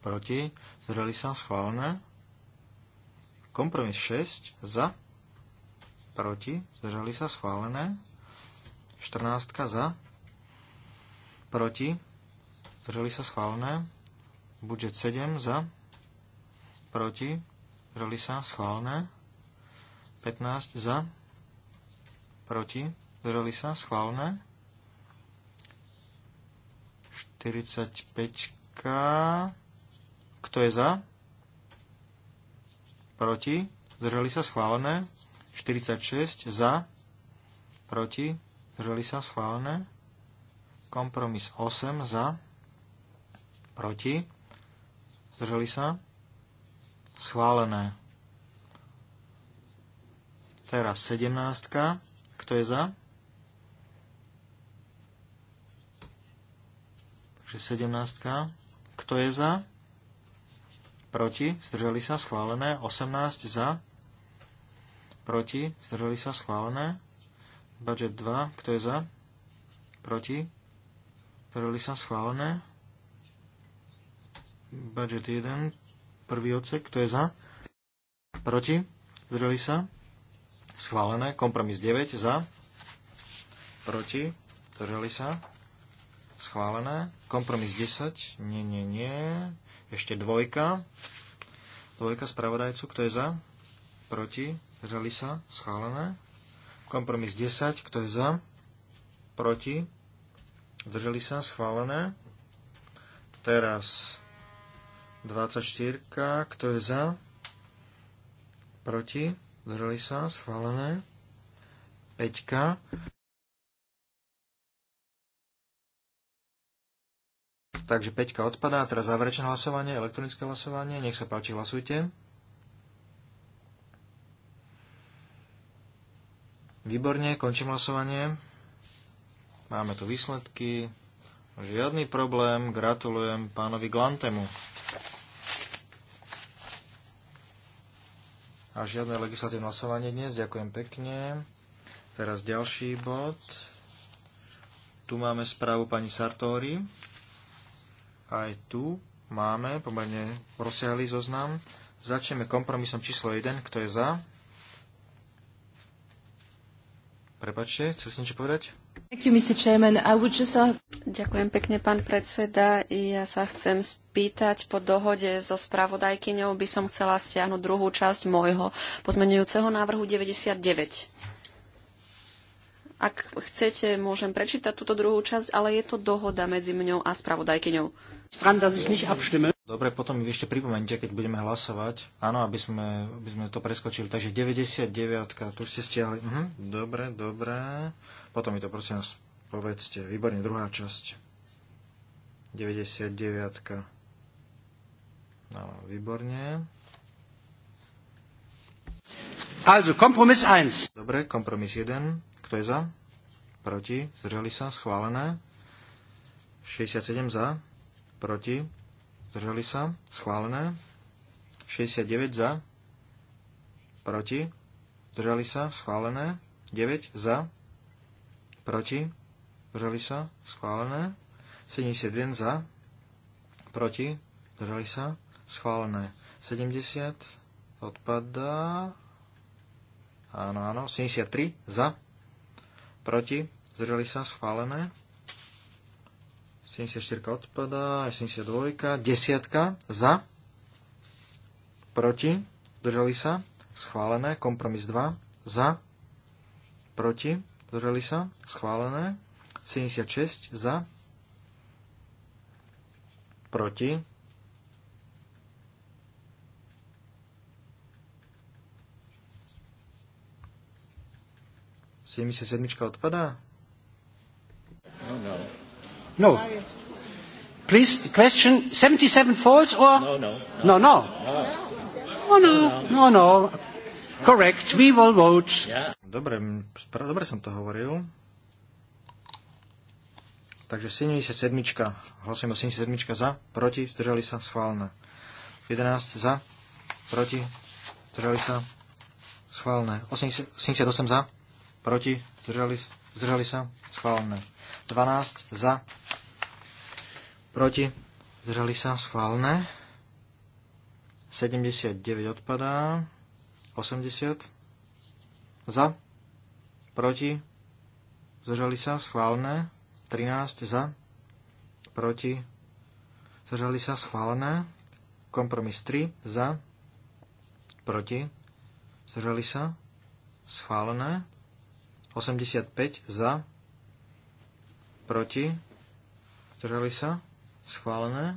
proti, zdržali sa, schválené. Kompromis 6, za, proti, zdržali sa, schválené. 14 za, proti, zdržali sa, schválené. Budžet 7 za, proti, zdržali sa, schválené. 15 za, proti, zdržali sa, schválené. 45 kto je za? Proti? Zdržali sa schválené. 46 za. Proti? Zdržali sa schválené. Kompromis 8 za. Proti? Zdržali sa? Schválené. Teraz 17. Kto je za? Takže 17. Kto je za? proti, zdrželi sa, schválené. 18 za, proti, zdrželi sa, schválené. Budget 2, kto je za, proti, zdrželi sa, schválené. Budget 1, prvý odsek, kto je za, proti, zdrželi sa, schválené. Kompromis 9, za, proti, zdrželi sa, schválené. Kompromis 10, nie, nie, nie, ešte dvojka. Dvojka spravodajcu, kto je za? Proti? Zdržali sa? Schválené. Kompromis 10, kto je za? Proti? Zdržali sa? Schválené. Teraz 24, kto je za? Proti? Zdržali sa? Schválené. 5. Takže Peťka odpadá, teraz záverečné hlasovanie, elektronické hlasovanie. Nech sa páči, hlasujte. Výborne, končím hlasovanie. Máme tu výsledky. Žiadny problém, gratulujem pánovi Glantemu. A žiadne legislatívne hlasovanie dnes, ďakujem pekne. Teraz ďalší bod. Tu máme správu pani Sartori. Aj tu máme pomerne rozsiahlý zoznam. Začneme kompromisom číslo 1, kto je za. Prepačte, chcel som niečo povedať? You, just... Ďakujem pekne, pán predseda. Ja sa chcem spýtať, po dohode so spravodajkyňou by som chcela stiahnuť druhú časť môjho pozmenujúceho návrhu 99. Ak chcete, môžem prečítať túto druhú časť, ale je to dohoda medzi mňou a spravodajkyňou. Dobre, potom mi ešte pripomente, keď budeme hlasovať. Áno, aby sme, aby sme to preskočili. Takže 99, tu ste stiahli. Mhm, dobre, dobre. Potom mi to prosím vás povedzte. Výborne, druhá časť. 99. No, výborne. Also, kompromis 1. Dobre, kompromis 1. Kto je za? Proti? Zdržali sa? Schválené. 67 za proti, zdržali sa, schválené. 69 za, proti, zdržali sa, schválené. 9 za, proti, zdržali sa, schválené. 71 za, proti, zdržali sa, schválené. 70 odpadá, áno, áno, 73 za, proti, zdržali sa, schválené. 74 odpadá, 72, 10 za, proti, drželi sa, schválené, kompromis 2, za, proti, drželi sa, schválené, 76 za, proti, Sedemdesiat sedmička odpadá? No, no. No. Please, question 77 false or? No, no. No, no. No, oh, no. No, no. Correct, we will vote. Dobre, dobre som to hovoril. Takže 77. o 77. za, proti, zdržali sa, schválne. 11 za, proti, zdržali sa, schválne. 88 za, proti, zdržali, zdržali sa, schválne. 12 za, Proti? Zdrali sa? Schválne. 79 odpadá. 80. Za. Proti. Zdrali sa. Schválne. 13. Za. Proti. Zdrali sa. Schválne. Kompromis 3. Za. Proti. Zdrali sa. Schválené. 85. Za. Proti. Zdrali sa schválené.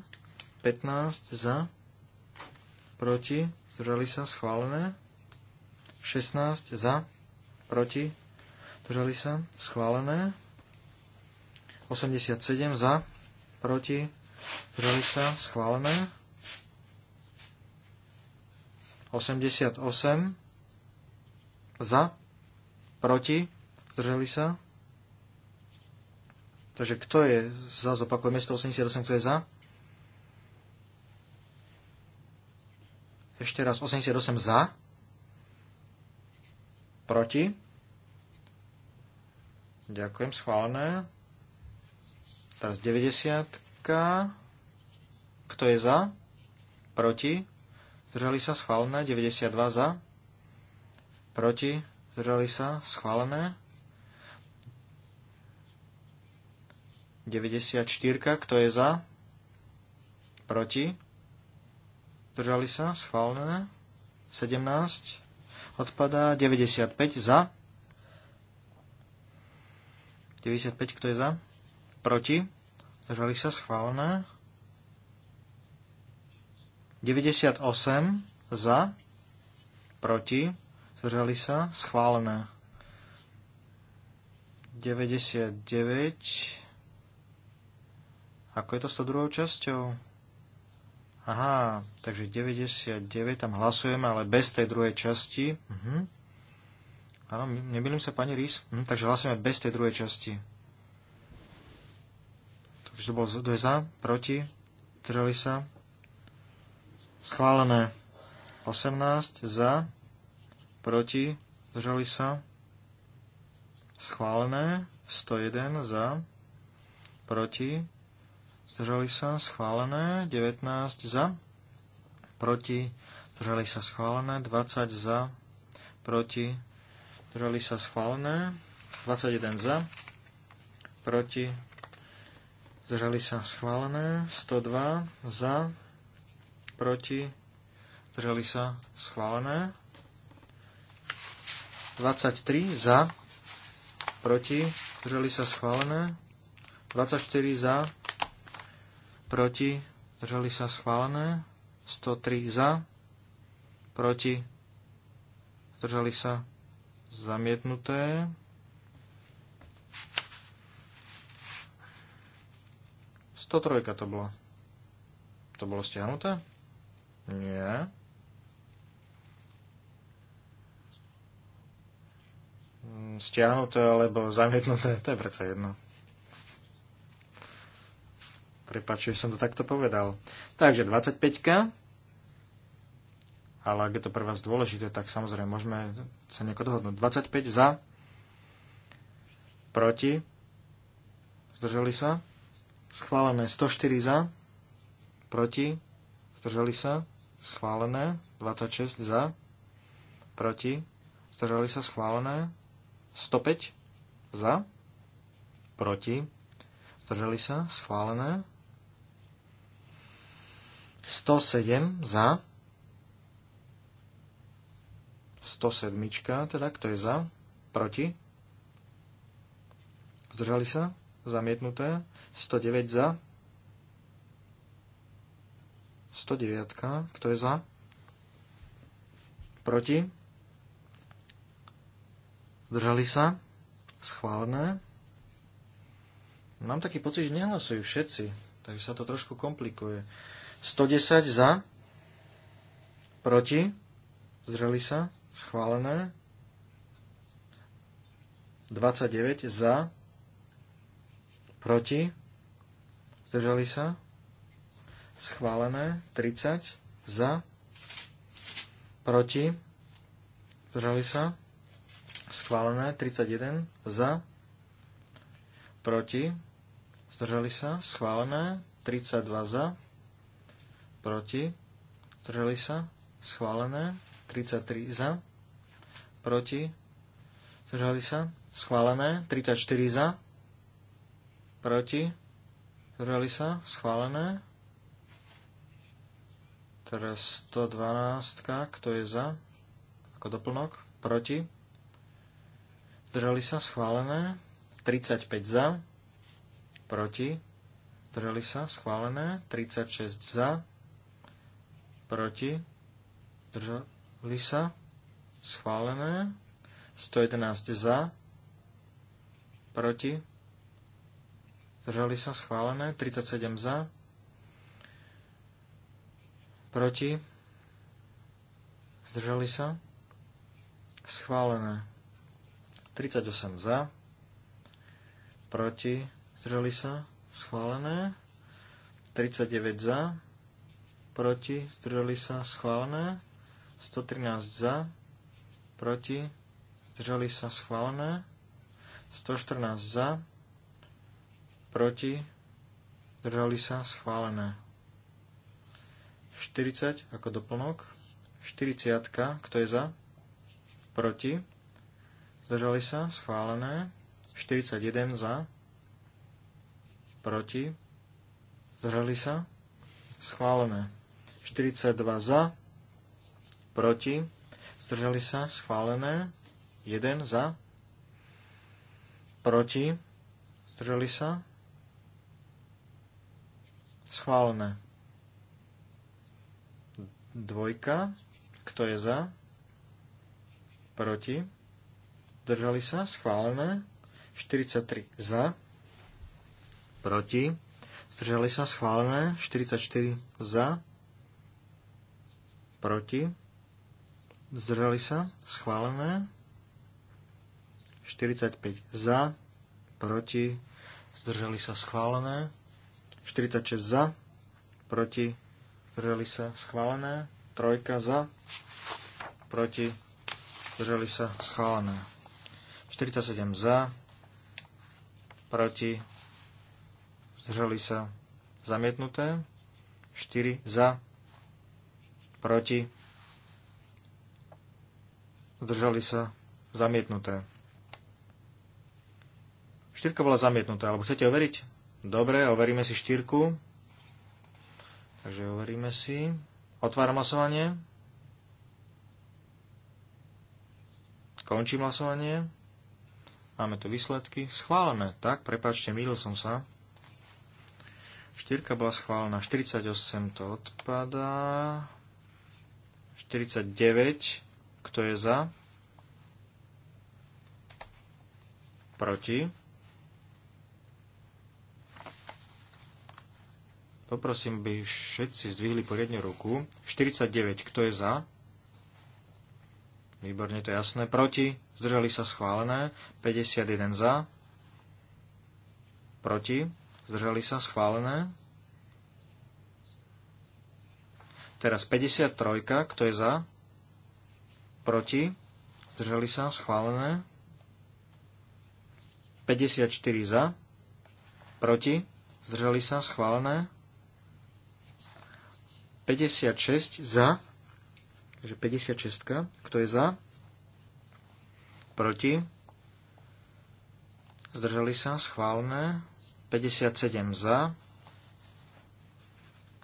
15 za, proti, zdržali sa, schválené. 16 za, proti, zdržali sa, schválené. 87 za, proti, zdržali sa, schválené. 88 za, proti, zdržali sa, Takže kto je za, zopakujeme 188, kto je za? Ešte raz 88 za. Proti. Ďakujem, schválené. Teraz 90. Kto je za? Proti. Zdržali sa schválené. 92 za. Proti. Zdržali sa schválené. 94. Kto je za? Proti? Držali sa? Schválené. 17. Odpadá 95 za. 95, kto je za? Proti? Držali sa schválené. 98 za. Proti? Držali sa schválené. 99 ako je to s tou druhou časťou? Aha, takže 99 tam hlasujeme, ale bez tej druhej časti. Mhm. Áno, nebylím sa, pani Rís. Uh-huh. takže hlasujeme bez tej druhej časti. Takže to bolo kto za, proti, držali sa. Schválené 18 za, proti, zdržali sa. Schválené 101 za, proti, zdržali sa, schválené, 19 za, proti, zdržali sa, schválené, 20 za, proti, zdržali sa, schválené, 21 za, proti, zdržali sa, schválené, 102 za, proti, zdržali sa, schválené, 23 za, proti, zdržali sa schválené, 24 za, proti, zdržali sa schválené, 103 za, proti, zdržali sa zamietnuté. To trojka to bolo. To bolo stiahnuté? Nie. Stiahnuté alebo zamietnuté, to je predsa jedno. Prepač, že som to takto povedal. Takže 25 ale ak je to pre vás dôležité, tak samozrejme môžeme sa nejako dohodnúť. 25 za, proti, zdržali sa, schválené 104 za, proti, zdržali sa, schválené 26 za, proti, zdržali sa, schválené 105 za, proti, zdržali sa, schválené 107 za. 107, teda kto je za? Proti? Zdržali sa? Zamietnuté. 109 za. 109, kto je za? Proti? Zdržali sa? Schválené. Mám taký pocit, že nehlasujú všetci, takže sa to trošku komplikuje. 110 za, proti, zreli sa, schválené. 29 za, proti, zdržali sa, schválené. 30 za, proti, zdržali sa, schválené. 31 za, proti, zdržali sa, schválené. 32 za, proti, zdržali sa, schválené, 33 za, proti, zdržali sa, schválené, 34 za, proti, zdržali sa, schválené, teraz 112, kto je za, ako doplnok, proti, zdržali sa, schválené, 35 za, proti, zdržali sa, schválené, 36 za, proti, zdržali sa, schválené, 111 za, proti, zdržali sa, schválené, 37 za, proti, zdržali sa, schválené, 38 za, proti, zdržali sa, schválené, 39 za, proti, zdržali sa, schválené. 113 za, proti, zdržali sa, schválené. 114 za, proti, zdržali sa, schválené. 40 ako doplnok, 40, kto je za, proti, zdržali sa, schválené. 41 za, proti, zdržali sa, schválené. 42 za, proti, zdržali sa, schválené, 1 za, proti, zdržali sa, schválené. Dvojka, kto je za, proti, zdržali sa, schválené, 43 za, proti, zdržali sa, schválené, 44 za, proti, zdržali sa, schválené. 45 za, proti, zdržali sa, schválené. 46 za, proti, zdržali sa, schválené. Trojka za, proti, zdržali sa, schválené. 47 za, proti, zdržali sa, zamietnuté. 4 za, proti, zdržali sa, zamietnuté. Štyrka bola zamietnutá, alebo chcete overiť? Dobre, overíme si štyrku. Takže overíme si. Otváram hlasovanie. Končím hlasovanie. Máme tu výsledky. Schválené. Tak, prepáčte, mýlil som sa. Štyrka bola schválená. 48 to odpadá. 49. Kto je za? Proti? Poprosím, by všetci zdvihli poriadne ruku. 49. Kto je za? Výborne, to je jasné. Proti? Zdržali sa schválené. 51 za. Proti? Zdržali sa schválené. Teraz 53, kto je za? Proti? Zdržali sa? Schválené. 54 za? Proti? Zdržali sa? Schválené. 56 za? Takže 56, kto je za? Proti? Zdržali sa? Schválené. 57 za?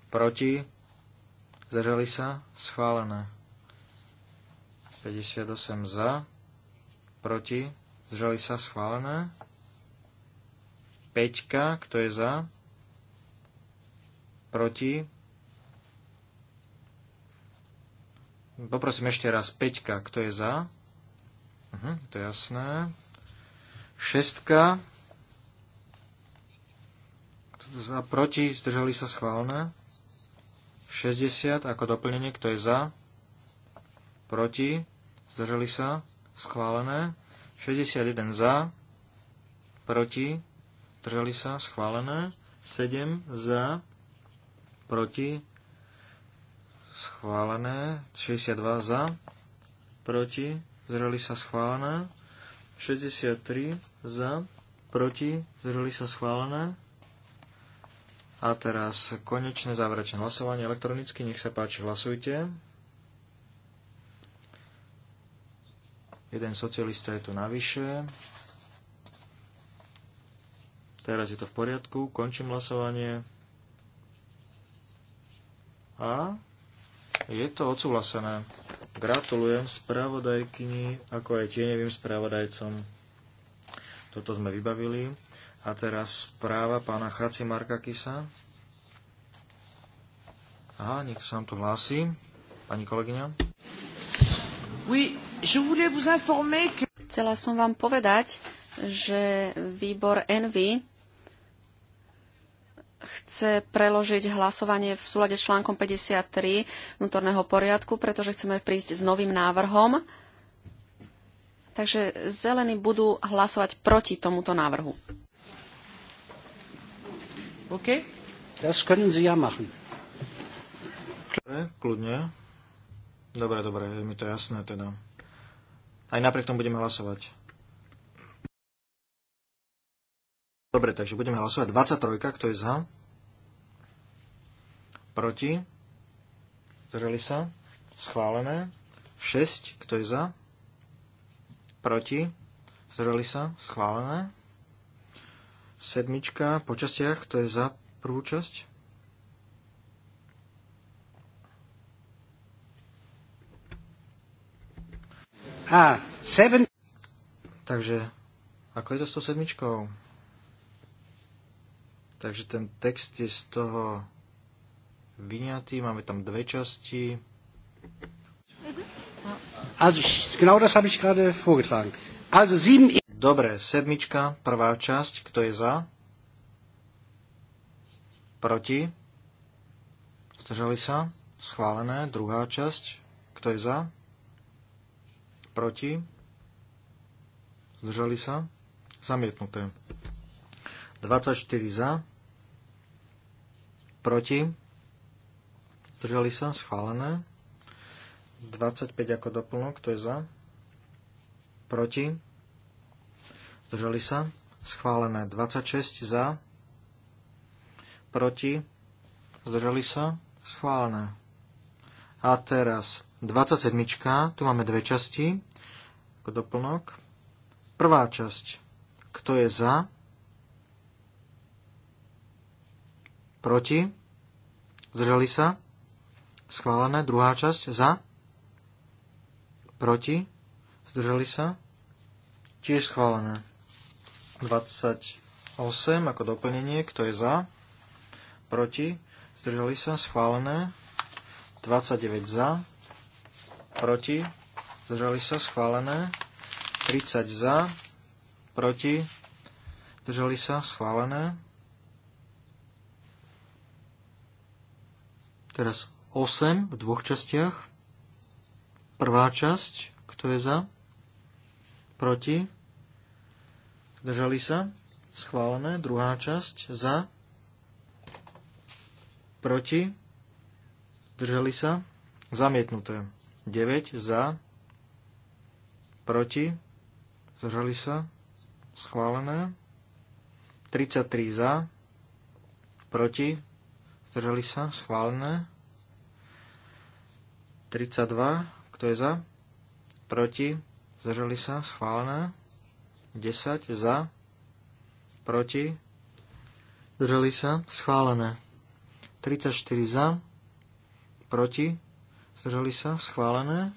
Proti? zdržali sa, schválené. 58 za, proti, zdržali sa, schválené. 5, kto je za, proti. Poprosím ešte raz, 5, kto je za, uh to je jasné. 6, kto je za, proti, zdržali sa, schválené. 60 ako doplnenie, kto je za, proti, zdržali sa, schválené. 61 za, proti, zdržali sa, schválené. 7 za, proti, schválené. 62 za, proti, zdržali sa, schválené. 63 za, proti, zdržali sa, schválené. A teraz konečné záverečné hlasovanie elektronicky. Nech sa páči, hlasujte. Jeden socialista je tu navyše. Teraz je to v poriadku. Končím hlasovanie. A je to odsúhlasené. Gratulujem spravodajkyni, ako aj tieňovým spravodajcom. Toto sme vybavili. A teraz správa pána Chaci Marka Kisa. Aha, niekto sa vám tu hlási. Pani kolegyňa. Oui, je voulais vous informer que... Chcela som vám povedať, že výbor Envy chce preložiť hlasovanie v súlade s článkom 53 vnútorného poriadku, pretože chceme prísť s novým návrhom. Takže zelení budú hlasovať proti tomuto návrhu. Das können Sie ja machen. Dobre, kľudne. Dobre, dobre, je mi to jasné teda. Aj napriek tomu budeme hlasovať. Dobre, takže budeme hlasovať 23, kto je za? Proti? Zreli sa? Schválené. 6, kto je za? Proti? Zreli sa? Schválené. Sedmička po častiach, to je za prvú časť. A, seven. Takže, ako je to s tou sedmičkou? Takže ten text je z toho vyňatý, máme tam dve časti. Also, genau das habe ich gerade vorgetragen. Also sieben Dobre, sedmička, prvá časť, kto je za? Proti? Zdržali sa? Schválené. Druhá časť, kto je za? Proti? Zdržali sa? Zamietnuté. 24 za. Proti? Zdržali sa? Schválené. 25 ako doplnok, kto je za? Proti? zdržali sa, schválené 26 za, proti, zdržali sa, schválené. A teraz 27. Tu máme dve časti ako doplnok. Prvá časť. Kto je za? Proti? Zdržali sa? Schválené. Druhá časť. Za? Proti? Zdržali sa? Tiež schválené. 28 ako doplnenie, kto je za, proti, zdržali sa, schválené. 29 za, proti, zdržali sa, schválené. 30 za, proti, zdržali sa, schválené. Teraz 8 v dvoch častiach. Prvá časť, kto je za, proti, Držali sa? Schválené. Druhá časť. Za. Proti. Zdržali sa? Zamietnuté. 9. Za. Proti. Držali sa? Schválené. 33 za. Proti. Zdržali sa? Schválené. 32. Kto je za? Proti. Zdržali sa? Schválené. 10 za, proti, zdrželi sa, schválené. 34 za, proti, zdrželi sa, schválené.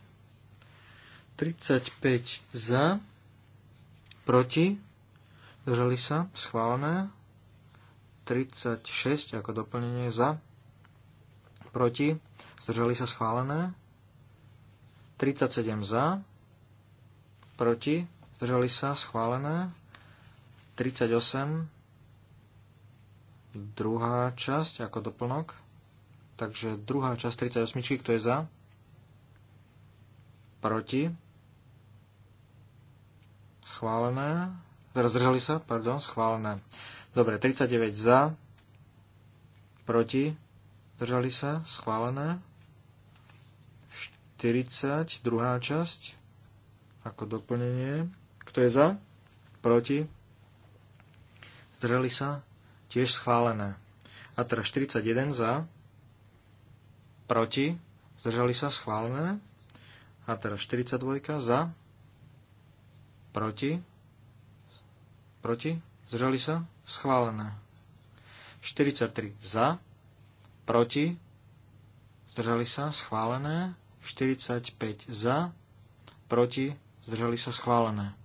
35 za, proti, zdrželi sa, schválené. 36 ako doplnenie za, proti, zdrželi sa, schválené. 37 za, proti, zdržali sa, schválené. 38, druhá časť ako doplnok. Takže druhá časť 38, kto je za? Proti? Schválené. Teraz zdržali sa, pardon, schválené. Dobre, 39 za, proti, zdržali sa, schválené. 40, druhá časť, ako doplnenie. Kto je za? Proti? Zdržali sa? Tiež schválené. A teraz 41 za? Proti? Zdržali sa? Schválené. A teraz 42 za? Proti? Proti? Zdržali sa? Schválené. 43 za? Proti? Zdržali sa? Schválené. 45 za? Proti? Zdržali sa? Schválené.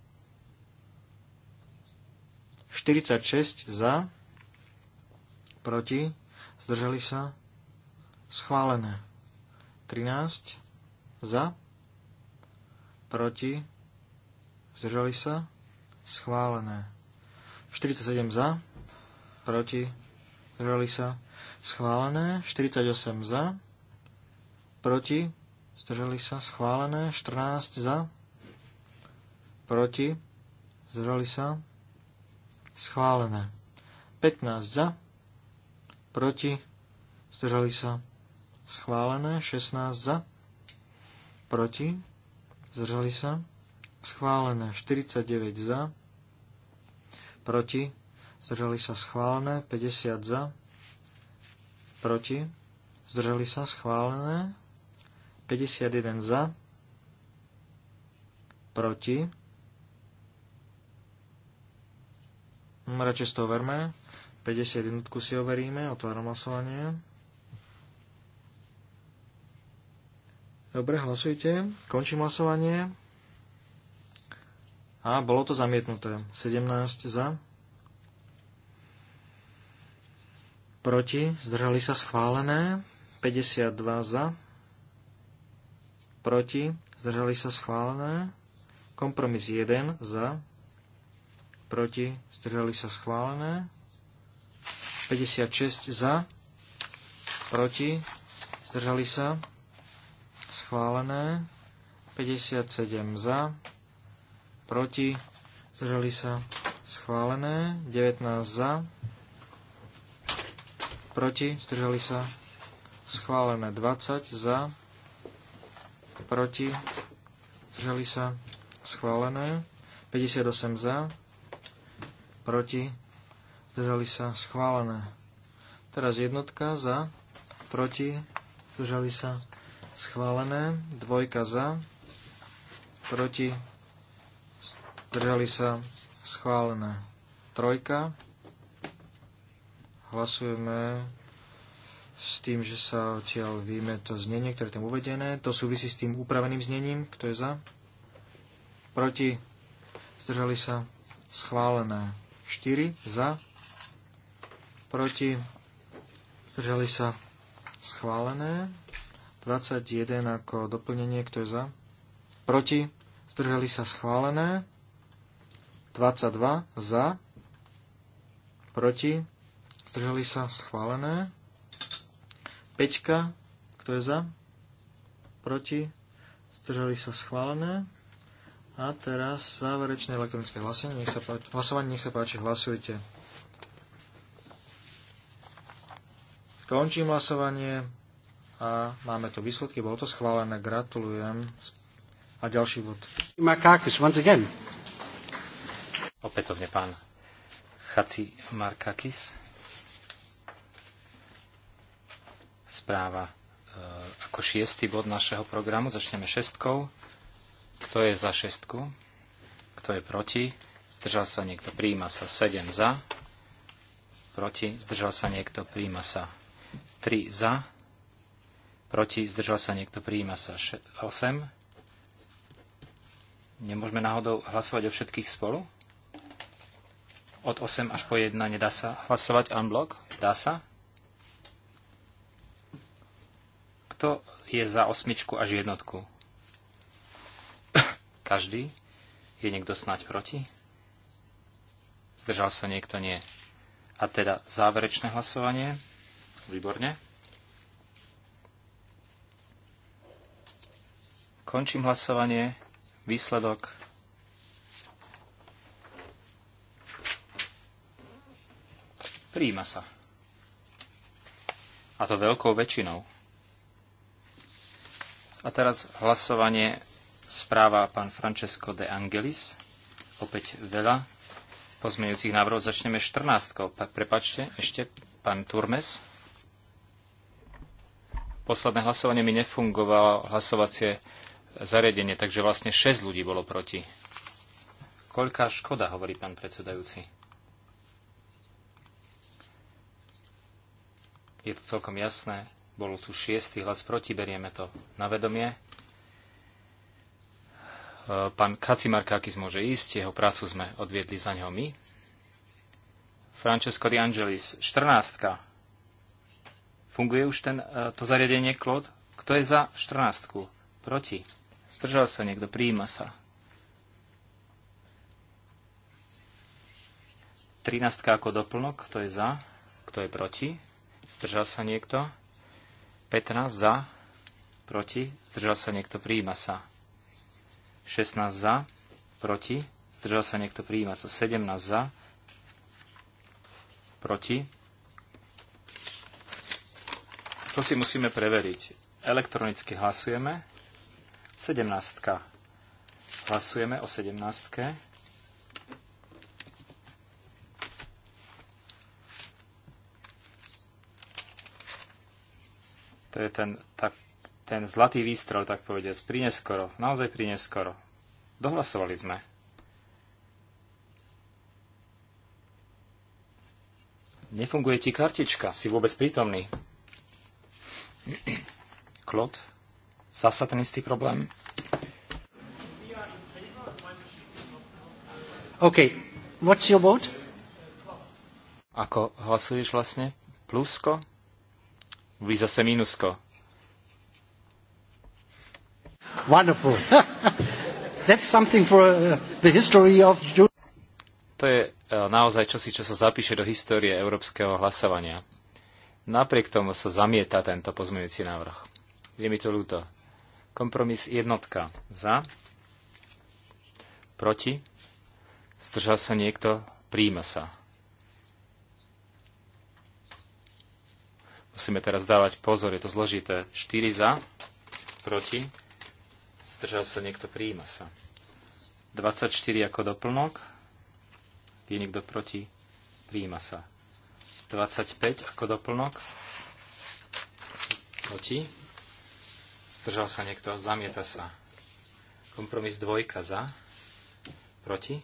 46 za, proti, zdržali sa, schválené. 13 za, proti, zdržali sa, schválené. 47 za, proti, zdržali sa, schválené. 48 za, proti, zdržali sa, schválené. 14 za, proti, zdržali sa, schválené. 15 za, proti, zdržali sa, schválené. 16 za, proti, zdržali sa, schválené. 49 za, proti, zdržali sa, schválené. 50 za, proti, zdržali sa, schválené. 51 za, proti, Radšej to overme. 51 si overíme, otváram hlasovanie. Dobre, hlasujte. Končím hlasovanie. A bolo to zamietnuté. 17 za. Proti. Zdržali sa schválené. 52 za. Proti. Zdržali sa schválené. Kompromis 1 za proti, zdržali sa schválené. 56 za, proti, zdržali sa schválené. 57 za, proti, zdržali sa schválené. 19 za, proti, zdržali sa schválené. 20 za, proti, zdržali sa schválené. 58 za, proti, zdržali sa schválené. Teraz jednotka za, proti, zdržali sa schválené, dvojka za, proti, zdržali sa schválené. Trojka, hlasujeme s tým, že sa odtiaľ víme to znenie, ktoré je tam uvedené. To súvisí s tým upraveným znením. Kto je za? Proti? Zdržali sa? Schválené. 4 za, proti, zdržali sa schválené. 21 ako doplnenie, kto je za, proti, zdržali sa schválené. 22 za, proti, zdržali sa schválené. 5, kto je za, proti, zdržali sa schválené. A teraz záverečné elektronické hlasovanie. Nech sa páči, hlasovanie, nech sa páči, hlasujte. Končím hlasovanie a máme tu výsledky. Bolo to schválené. Gratulujem. A ďalší bod. Markakis, once again. Opätovne pán Chaci Markakis. Správa e, ako šiestý bod našeho programu. Začneme šestkou kto je za šestku? Kto je proti? Zdržal sa niekto, príjma sa 7 za. Proti, zdržal sa niekto, príjma sa 3 za. Proti, zdržal sa niekto, príjma sa 8. Nemôžeme náhodou hlasovať o všetkých spolu? Od 8 až po 1 nedá sa hlasovať unblock? Dá sa? Kto je za osmičku až jednotku? Každý? Je niekto snať proti? Zdržal sa niekto? Nie. A teda záverečné hlasovanie. Výborne. Končím hlasovanie. Výsledok. Príjima sa. A to veľkou väčšinou. A teraz hlasovanie Správa pán Francesco de Angelis. Opäť veľa pozmeňujúcich návrhov. Začneme 14. prepačte, ešte pán Turmes. Posledné hlasovanie mi nefungovalo hlasovacie zariadenie, takže vlastne 6 ľudí bolo proti. Koľká škoda, hovorí pán predsedajúci. Je to celkom jasné. Bolo tu šiestý hlas proti, berieme to na vedomie. Pán Kacimarkakis môže ísť, jeho prácu sme odviedli za ňo my. Francesco Di Angelis, 14. Funguje už ten, e, to zariadenie Klod? Kto je za 14? Proti? Zdržal sa niekto? Prijíma sa. 13 ako doplnok, kto je za, kto je proti, zdržal sa niekto, 15 za, proti, zdržal sa niekto, prijíma sa. 16 za, proti, zdržal sa niekto, prijíma sa 17 za, proti. To si musíme preveriť. Elektronicky hlasujeme. 17. Hlasujeme o 17. To je ten tak ten zlatý výstrel, tak povediac, prineskoro, naozaj prineskoro. Dohlasovali sme. Nefunguje ti kartička, si vôbec prítomný. Klod, zasa ten istý problém. OK, what's your vote? Ako hlasuješ vlastne? Plusko? Vy zase minusko. Wonderful. That's something for uh, the history of To je uh, naozaj čosi, čo sa zapíše do histórie európskeho hlasovania. Napriek tomu sa zamieta tento pozmeňujúci návrh. Je mi to ľúto. Kompromis jednotka. Za. Proti. Zdržal sa niekto. Príjma sa. Musíme teraz dávať pozor, je to zložité. 4 za, proti, Zdržal sa niekto, prijíma sa. 24 ako doplnok. Je niekto proti? Prijíma sa. 25 ako doplnok. Proti. Zdržal sa niekto, zamieta sa. Kompromis dvojka za. Proti.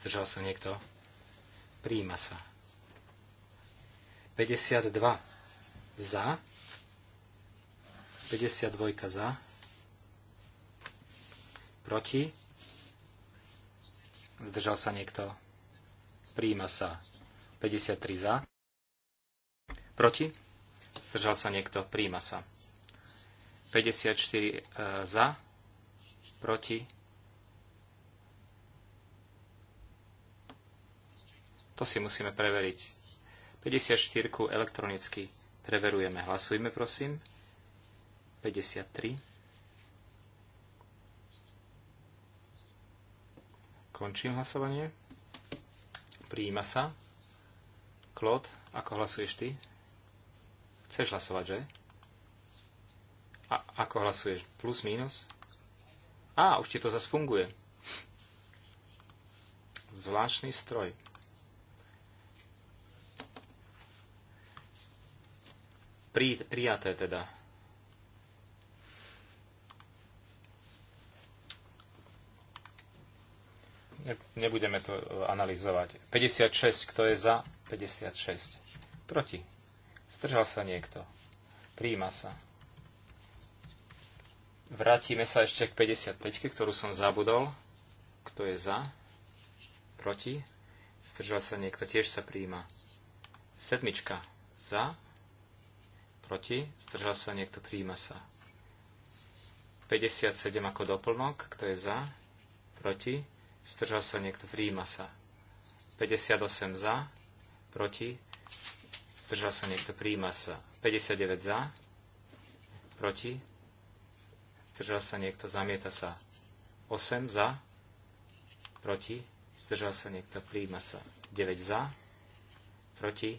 Zdržal sa niekto, prijíma sa. 52 za. 52 za Proti? Zdržal sa niekto? Príjima sa. 53 za. Proti? Zdržal sa niekto? Príjima sa. 54 e, za. Proti? To si musíme preveriť. 54 elektronicky preverujeme. Hlasujme, prosím. 53. Končím hlasovanie. Prijíma sa. Klod, ako hlasuješ ty? Chceš hlasovať, že? A ako hlasuješ? Plus, minus? Á, už ti to zase funguje. Zvláštny stroj. Pri, prijaté teda. nebudeme to analyzovať. 56, kto je za? 56. Proti. Zdržal sa niekto. Príjima sa. Vrátime sa ešte k 55, ktorú som zabudol. Kto je za? Proti. Zdržal sa niekto. Tiež sa príjima. Sedmička. Za. Proti. Zdržal sa niekto. Príjima sa. 57 ako doplnok. Kto je za? Proti Zdržal sa niekto? Príjima sa. 58 za. Proti. Zdržal sa niekto? príjma sa. 59 za. Proti. Zdržal sa niekto? Zamieta sa. 8 za. Proti. Zdržal sa niekto? príjma sa. 9 za. Proti.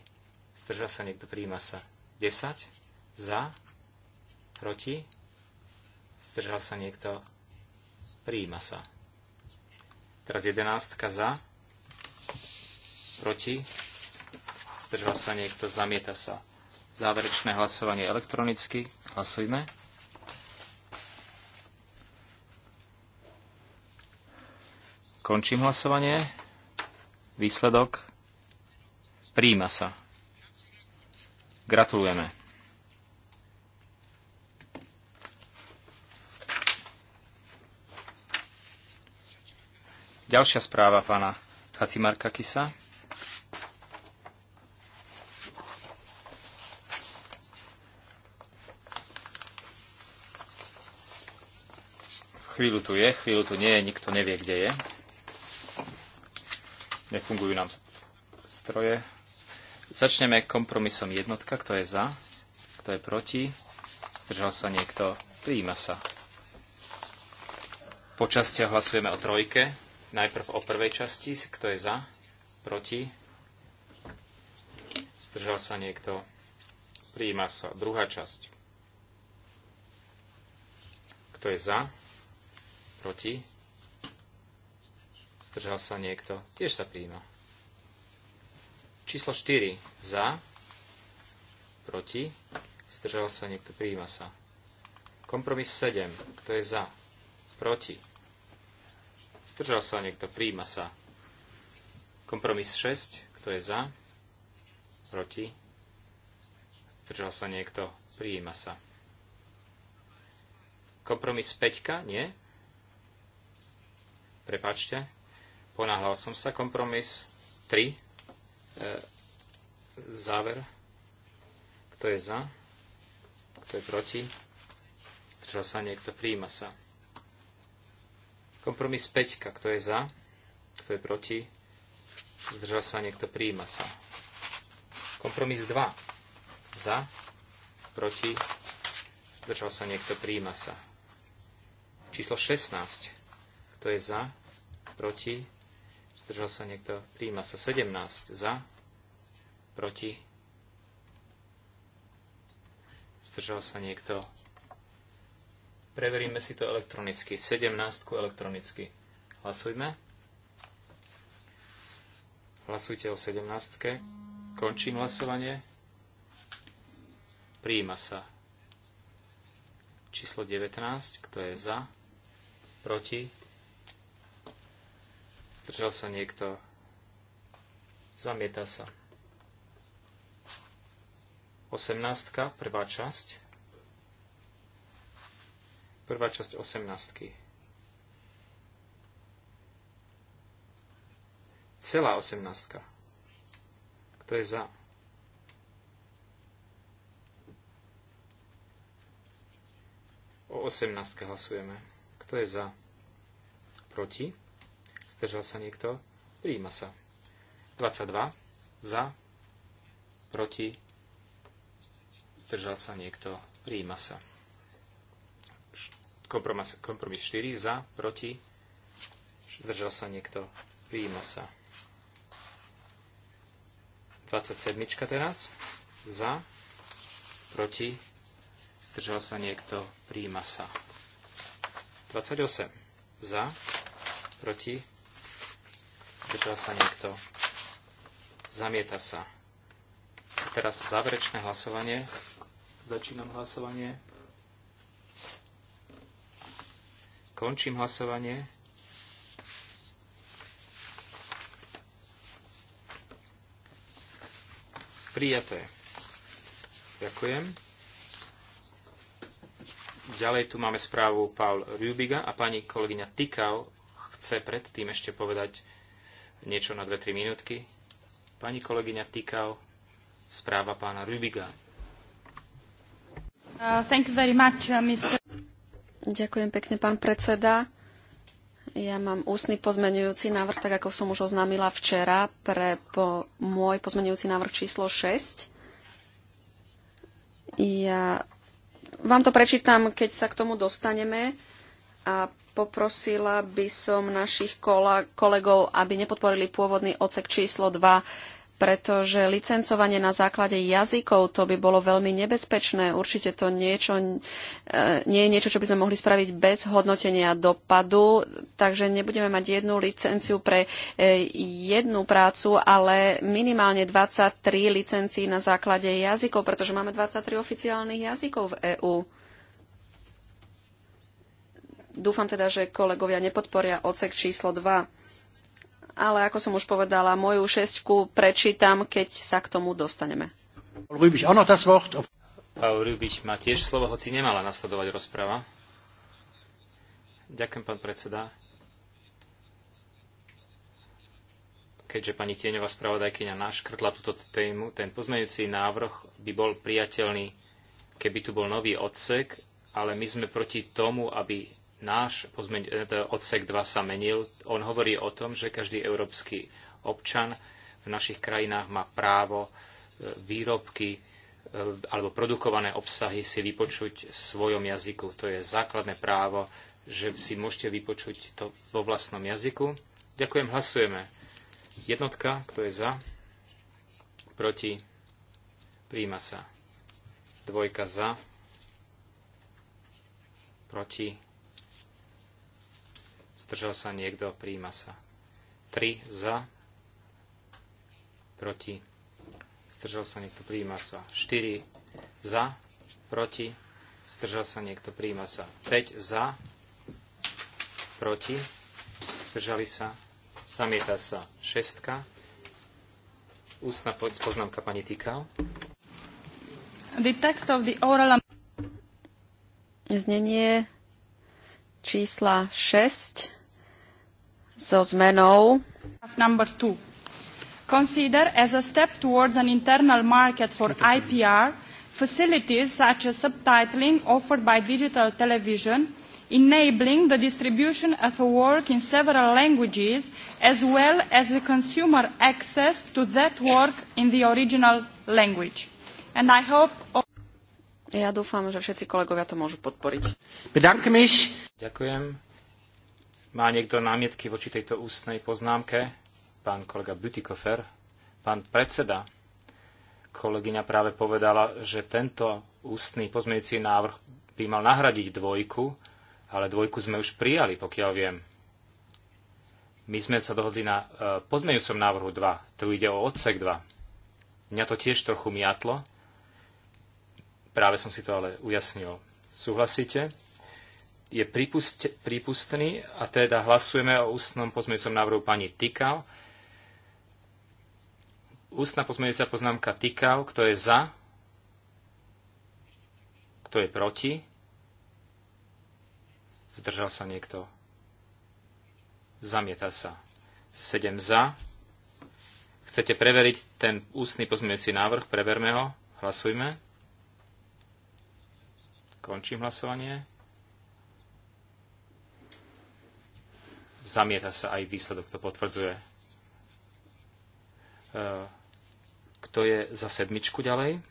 Zdržal sa niekto? príjma sa. 10 za. Proti. Zdržal sa niekto? príjma sa. Teraz jedenástka za. Proti. Zdržal sa niekto, zamieta sa. Záverečné hlasovanie elektronicky. Hlasujme. Končím hlasovanie. Výsledok. Príjima sa. Gratulujeme. Ďalšia správa pána Hacimarka Kisa. Chvíľu tu je, chvíľu tu nie je, nikto nevie, kde je. Nefungujú nám stroje. Začneme kompromisom jednotka, kto je za, kto je proti, zdržal sa niekto, prijíma sa. Počasťa hlasujeme o trojke, Najprv o prvej časti, kto je za, proti, zdržal sa niekto, prijíma sa. Druhá časť, kto je za, proti, zdržal sa niekto, tiež sa prijíma. Číslo 4, za, proti, zdržal sa niekto, prijíma sa. Kompromis 7, kto je za, proti, Zdržal sa niekto? Príjma sa. Kompromis 6. Kto je za? Proti? Zdržal sa niekto? príjma sa. Kompromis 5. Nie? Prepačte. Ponáhľal som sa. Kompromis 3. E, záver. Kto je za? Kto je proti? Zdržal sa niekto? Príjma sa. Kompromis 5, kto je za, kto je proti, zdržal sa niekto, prijíma sa. Kompromis 2, za, proti, zdržal sa niekto, prijíma sa. Číslo 16, kto je za, proti, zdržal sa niekto, prijíma sa. 17, za, proti, zdržal sa niekto, Preveríme si to elektronicky. 17 elektronicky. Hlasujme. Hlasujte o 17. Končím hlasovanie. Prijíma sa. Číslo 19. Kto je za? Proti? Zdržal sa niekto? Zamieta sa. 18. Prvá časť. Prvá časť 18. Celá osemnástka. Kto je za? O 18 hlasujeme. Kto je za? Proti? Zdržal sa niekto? Príjima sa. 22. Za? Proti? Zdržal sa niekto? Príjima sa. Kompromis, kompromis 4 za, proti. Zdržal sa niekto. Vyjímal sa. 27 teraz. Za, proti. Zdržal sa niekto. Príjima sa. 28 za, proti. Zdržal sa niekto. Zamieta sa. A teraz záverečné hlasovanie. Začínam hlasovanie. Končím hlasovanie. Prijaté. Ďakujem. Ďalej tu máme správu Paul Rubiga a pani kolegyňa Tikau chce predtým ešte povedať niečo na 2-3 minútky. Pani kolegyňa Tikau, správa pána Rubiga. Uh, much, uh, Ďakujem pekne, pán predseda. Ja mám ústny pozmenujúci návrh, tak ako som už oznámila včera, pre po, môj pozmenujúci návrh číslo 6. Ja vám to prečítam, keď sa k tomu dostaneme a poprosila by som našich kolegov, aby nepodporili pôvodný ocek číslo 2 pretože licencovanie na základe jazykov to by bolo veľmi nebezpečné. Určite to niečo, e, nie je niečo, čo by sme mohli spraviť bez hodnotenia dopadu, takže nebudeme mať jednu licenciu pre e, jednu prácu, ale minimálne 23 licencií na základe jazykov, pretože máme 23 oficiálnych jazykov v EÚ. Dúfam teda, že kolegovia nepodporia odsek číslo 2 ale ako som už povedala, moju šestku prečítam, keď sa k tomu dostaneme. Paul Rubiš má tiež slovo, hoci nemala nasledovať rozpráva. Ďakujem, pán predseda. Keďže pani Tieňová spravodajkyňa naškrtla túto tému, ten pozmeňujúci návrh by bol priateľný, keby tu bol nový odsek, ale my sme proti tomu, aby náš e, odsek 2 sa menil. On hovorí o tom, že každý európsky občan v našich krajinách má právo e, výrobky e, alebo produkované obsahy si vypočuť v svojom jazyku. To je základné právo, že si môžete vypočuť to vo vlastnom jazyku. Ďakujem, hlasujeme. Jednotka, kto je za? Proti? Príjma sa. Dvojka za? Proti? zdržal sa niekto, príjma sa. 3 za, proti, zdržal sa niekto, príjma sa. 4 za, proti, zdržal sa niekto, príjma sa. 5 za, proti, zdržali sa, zamieta sa. 6 ústna poznámka pani Tykal. The text of the oral... Znenie čísla 6 so zmenou. Number two. Consider as a step towards an internal market for IPR facilities such as subtitling offered by digital television, enabling the distribution of a work in several languages as well as the consumer access to that work in the original language. And I hope ja dúfam, že všetci kolegovia to môžu podporiť. Ďakujem. Má niekto námietky voči tejto ústnej poznámke? Pán kolega Butikofer, pán predseda, kolegyňa práve povedala, že tento ústny pozmeňujúci návrh by mal nahradiť dvojku, ale dvojku sme už prijali, pokiaľ viem. My sme sa dohodli na e, pozmeňujúcom návrhu 2, tu ide o odsek 2. Mňa to tiež trochu miatlo, práve som si to ale ujasnil. Súhlasíte? je prípustný a teda hlasujeme o ústnom pozmeňujúcom návrhu pani Tikal. Ústna pozmeňujúca poznámka Tikal, kto je za, kto je proti, zdržal sa niekto, zamieta sa. 7 za. Chcete preveriť ten ústny pozmeňujúci návrh? Preverme ho. Hlasujme. Končím hlasovanie. Zamieta sa aj výsledok, to potvrdzuje. E, kto je za sedmičku ďalej?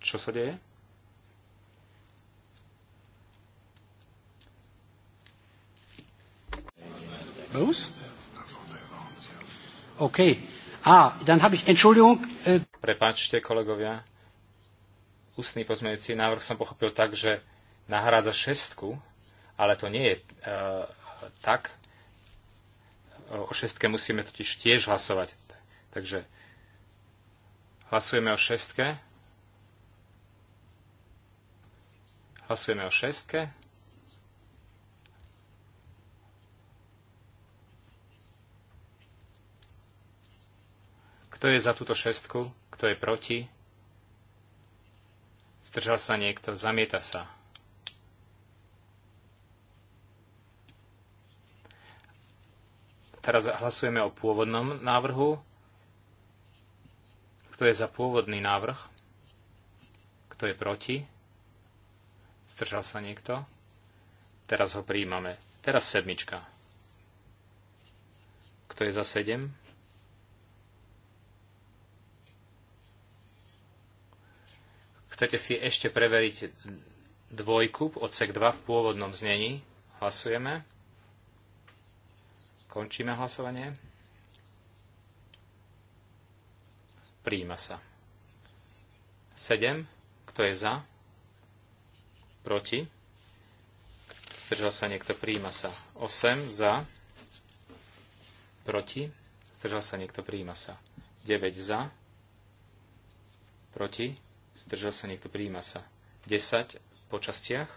Čo sa deje? Los? OK. A, ah, dann habe ich, Entschuldigung. Äh, Prepačte, kolegovia ústny pozmeňujúci návrh som pochopil tak, že nahrádza šestku, ale to nie je e, tak. O šestke musíme totiž tiež hlasovať. Takže hlasujeme o šestke. Hlasujeme o šestke. Kto je za túto šestku? Kto je proti? Zdržal sa niekto? Zamieta sa. Teraz hlasujeme o pôvodnom návrhu. Kto je za pôvodný návrh? Kto je proti? Zdržal sa niekto? Teraz ho príjmame. Teraz sedmička. Kto je za sedem? chcete si ešte preveriť dvojku, odsek 2 v pôvodnom znení, hlasujeme. Končíme hlasovanie. Príjima sa. 7. Kto je za? Proti? Zdržal sa niekto? Príjima sa. 8. Za? Proti? Zdržal sa niekto? Príjima sa. 9. Za? Proti? zdržal sa niekto, prijíma sa. 10 po častiach,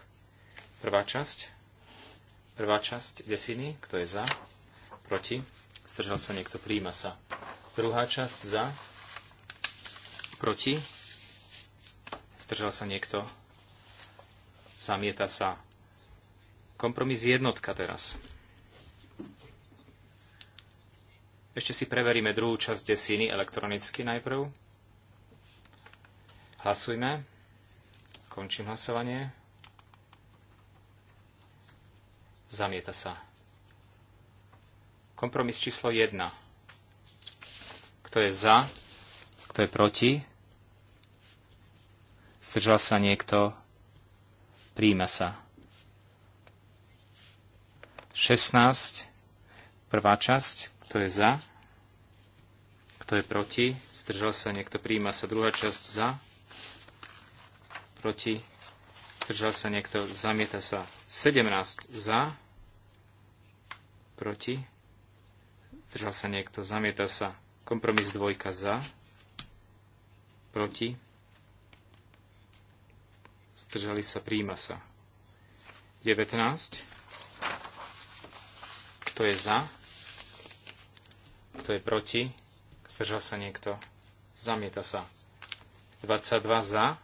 prvá časť, prvá časť desiny, kto je za, proti, zdržal sa niekto, prijíma sa. Druhá časť za, proti, zdržal sa niekto, zamieta sa. Kompromis jednotka teraz. Ešte si preveríme druhú časť desiny elektronicky najprv. Hlasujme. Končím hlasovanie. Zamieta sa. Kompromis číslo 1. Kto je za? Kto je proti? Zdržal sa niekto? Príjma sa. 16. Prvá časť. Kto je za? Kto je proti? Zdržal sa niekto? Príjma sa. Druhá časť za proti, zdržal sa niekto, zamieta sa 17 za, proti, zdržal sa niekto, zamieta sa kompromis dvojka za, proti, zdržali sa, príjma sa 19, kto je za, kto je proti, zdržal sa niekto, zamieta sa 22 za,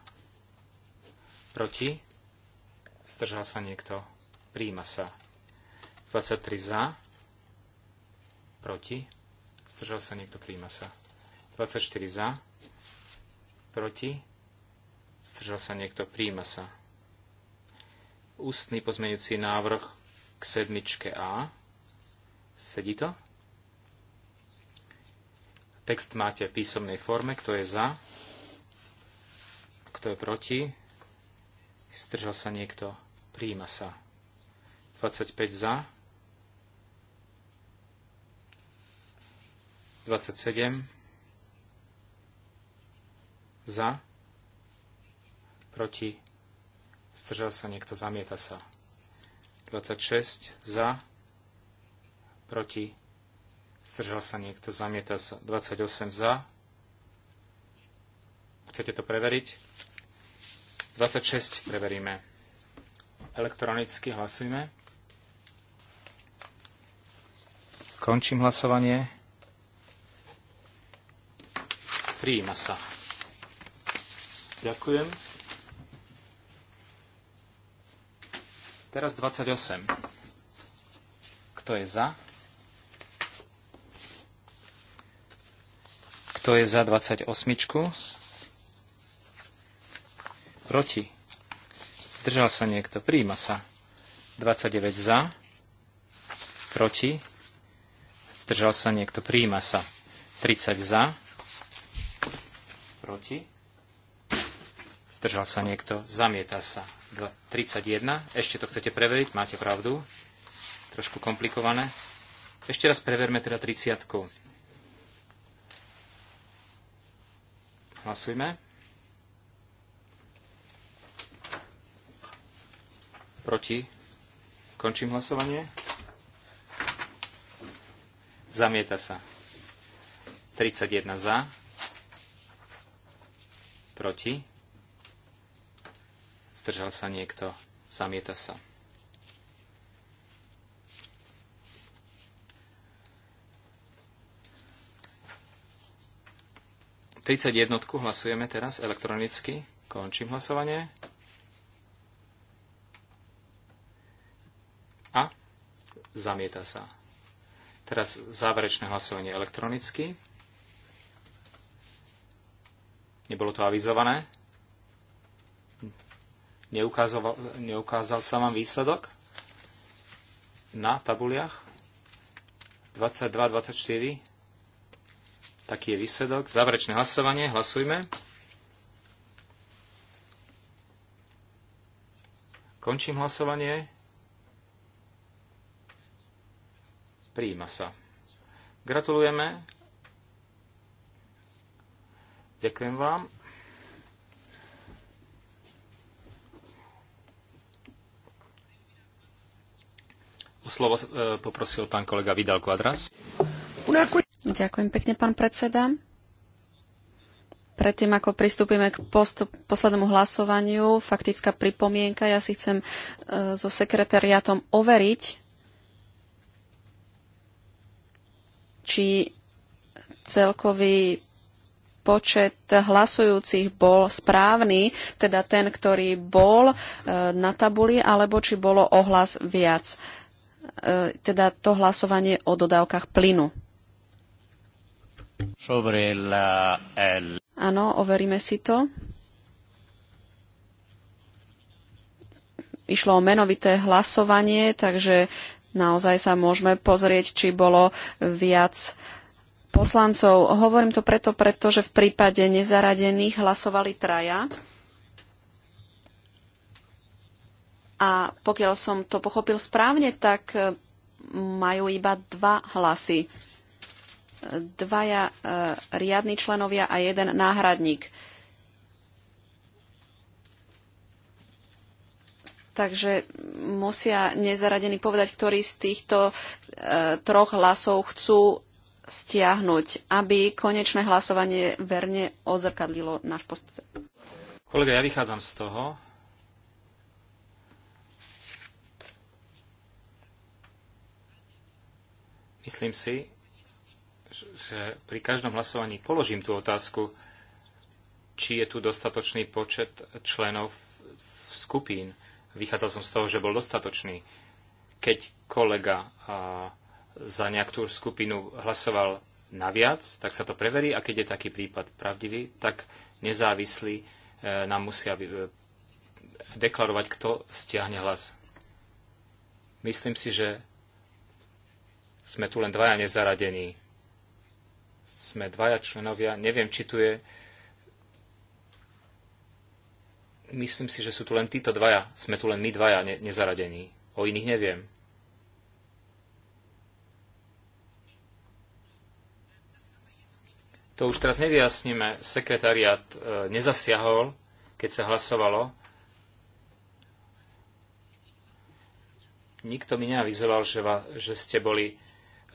Proti? Zdržal sa niekto? Príjma sa. 23 za. Proti? Zdržal sa niekto? Príjma sa. 24 za. Proti? Zdržal sa niekto? príjma sa. Ústny pozmeňujúci návrh k sedmičke A. Sedí to? Text máte v písomnej forme. Kto je za? Kto je proti? Zdržal sa niekto? Príjima sa. 25 za. 27 za. Proti. Zdržal sa niekto? Zamieta sa. 26 za. Proti. Zdržal sa niekto? Zamieta sa. 28 za. Chcete to preveriť? 26 preveríme. Elektronicky hlasujme. Končím hlasovanie. Prijíma sa. Ďakujem. Teraz 28. Kto je za? Kto je za 28? proti, zdržal sa niekto, príjma sa. 29 za, proti, zdržal sa niekto, príjma sa. 30 za, proti, zdržal sa niekto, zamieta sa. 31, ešte to chcete preveriť, máte pravdu, trošku komplikované. Ešte raz preverme teda 30. Hlasujme. Proti? Končím hlasovanie. Zamieta sa. 31 za. Proti. Zdržal sa niekto. Zamieta sa. jednotku hlasujeme teraz elektronicky. Končím hlasovanie. Zamieta sa. Teraz záverečné hlasovanie elektronicky. Nebolo to avizované? Neukázal, neukázal sa vám výsledok na tabuliach? 22, 24. Taký je výsledok. Záverečné hlasovanie. Hlasujme. Končím hlasovanie. Príjima sa. Gratulujeme. Ďakujem vám. O slovo e, poprosil pán kolega Vidal Quadras. Ďakujem pekne, pán predseda. Predtým, ako pristúpime k post poslednému hlasovaniu, faktická pripomienka. Ja si chcem e, so sekretariátom overiť, či celkový počet hlasujúcich bol správny, teda ten, ktorý bol e, na tabuli, alebo či bolo ohlas viac. E, teda to hlasovanie o dodávkach plynu. Áno, overíme si to. Išlo o menovité hlasovanie, takže naozaj sa môžeme pozrieť, či bolo viac poslancov. Hovorím to preto, pretože v prípade nezaradených hlasovali traja. A pokiaľ som to pochopil správne, tak e, majú iba dva hlasy. E, dvaja e, riadni členovia a jeden náhradník Takže musia nezaradení povedať, ktorý z týchto e, troch hlasov chcú stiahnuť, aby konečné hlasovanie verne ozrkadlilo náš postup. Kolega, ja vychádzam z toho, Myslím si, že pri každom hlasovaní položím tú otázku, či je tu dostatočný počet členov skupín. Vychádzal som z toho, že bol dostatočný. Keď kolega za nejakú skupinu hlasoval naviac, tak sa to preverí a keď je taký prípad pravdivý, tak nezávislí e, nám musia e, deklarovať, kto stiahne hlas. Myslím si, že sme tu len dvaja nezaradení. Sme dvaja členovia. Neviem, či tu je Myslím si, že sú tu len títo dvaja. Sme tu len my dvaja ne- nezaradení. O iných neviem. To už teraz nevyjasníme. Sekretariat e, nezasiahol, keď sa hlasovalo. Nikto mi neavizoval, že, va, že ste boli e,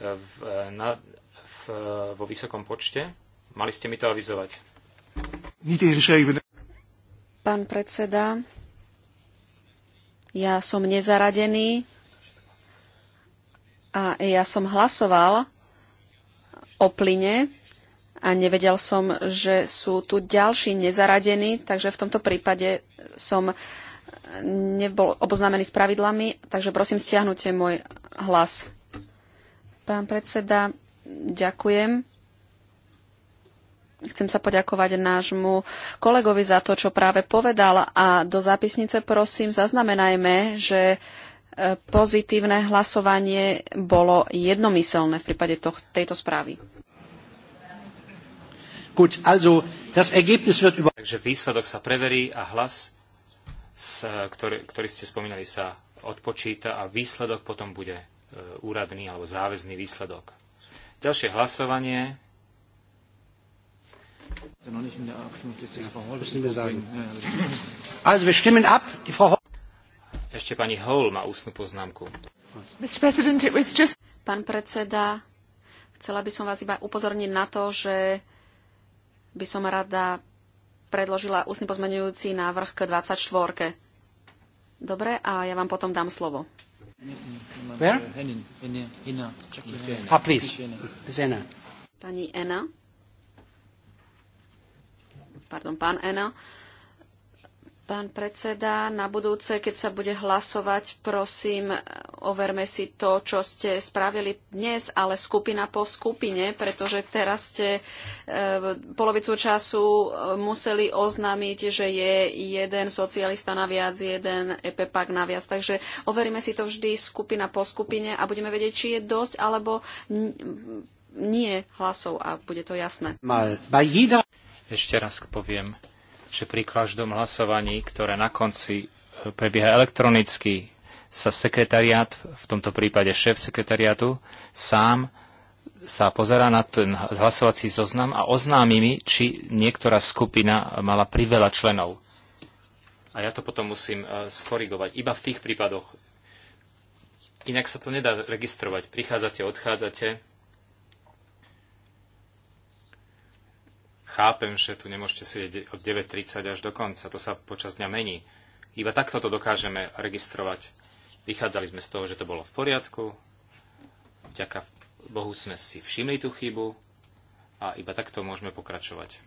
v, e, na, v, vo vysokom počte. Mali ste mi to avizovať. Pán predseda, ja som nezaradený a ja som hlasoval o plyne a nevedel som, že sú tu ďalší nezaradení, takže v tomto prípade som nebol oboznámený s pravidlami, takže prosím, stiahnute môj hlas. Pán predseda, ďakujem. Chcem sa poďakovať nášmu kolegovi za to, čo práve povedal a do zápisnice prosím zaznamenajme, že e, pozitívne hlasovanie bolo jednomyselné v prípade toh- tejto správy. Gut, also das Ergebnis wird über... Takže výsledok sa preverí a hlas, ktorý, ktorý ste spomínali, sa odpočíta a výsledok potom bude e, úradný alebo záväzný výsledok. Ďalšie hlasovanie ešte pani Hall má ústnu poznámku. Pán predseda, chcela by som vás iba upozorniť na to, že by som rada predložila ústny pozmenujúci návrh k 24. Dobre, a ja vám potom dám slovo. Where? Ah, please. Henna. Henna pardon, pán Ena. Pán predseda, na budúce, keď sa bude hlasovať, prosím, overme si to, čo ste spravili dnes, ale skupina po skupine, pretože teraz ste e, polovicu času e, museli oznámiť, že je jeden socialista naviac, jeden EPPAK naviac. Takže overíme si to vždy skupina po skupine a budeme vedieť, či je dosť alebo nie hlasov a bude to jasné. Mal, ešte raz poviem, že pri každom hlasovaní, ktoré na konci e, prebieha elektronicky, sa sekretariát, v tomto prípade šéf sekretariátu, sám sa pozerá na ten hlasovací zoznam a oznámi mi, či niektorá skupina mala priveľa členov. A ja to potom musím e, skorigovať. Iba v tých prípadoch. Inak sa to nedá registrovať. Prichádzate, odchádzate chápem, že tu nemôžete sedieť od 9.30 až do konca, to sa počas dňa mení. Iba takto to dokážeme registrovať. Vychádzali sme z toho, že to bolo v poriadku, vďaka Bohu sme si všimli tú chybu a iba takto môžeme pokračovať.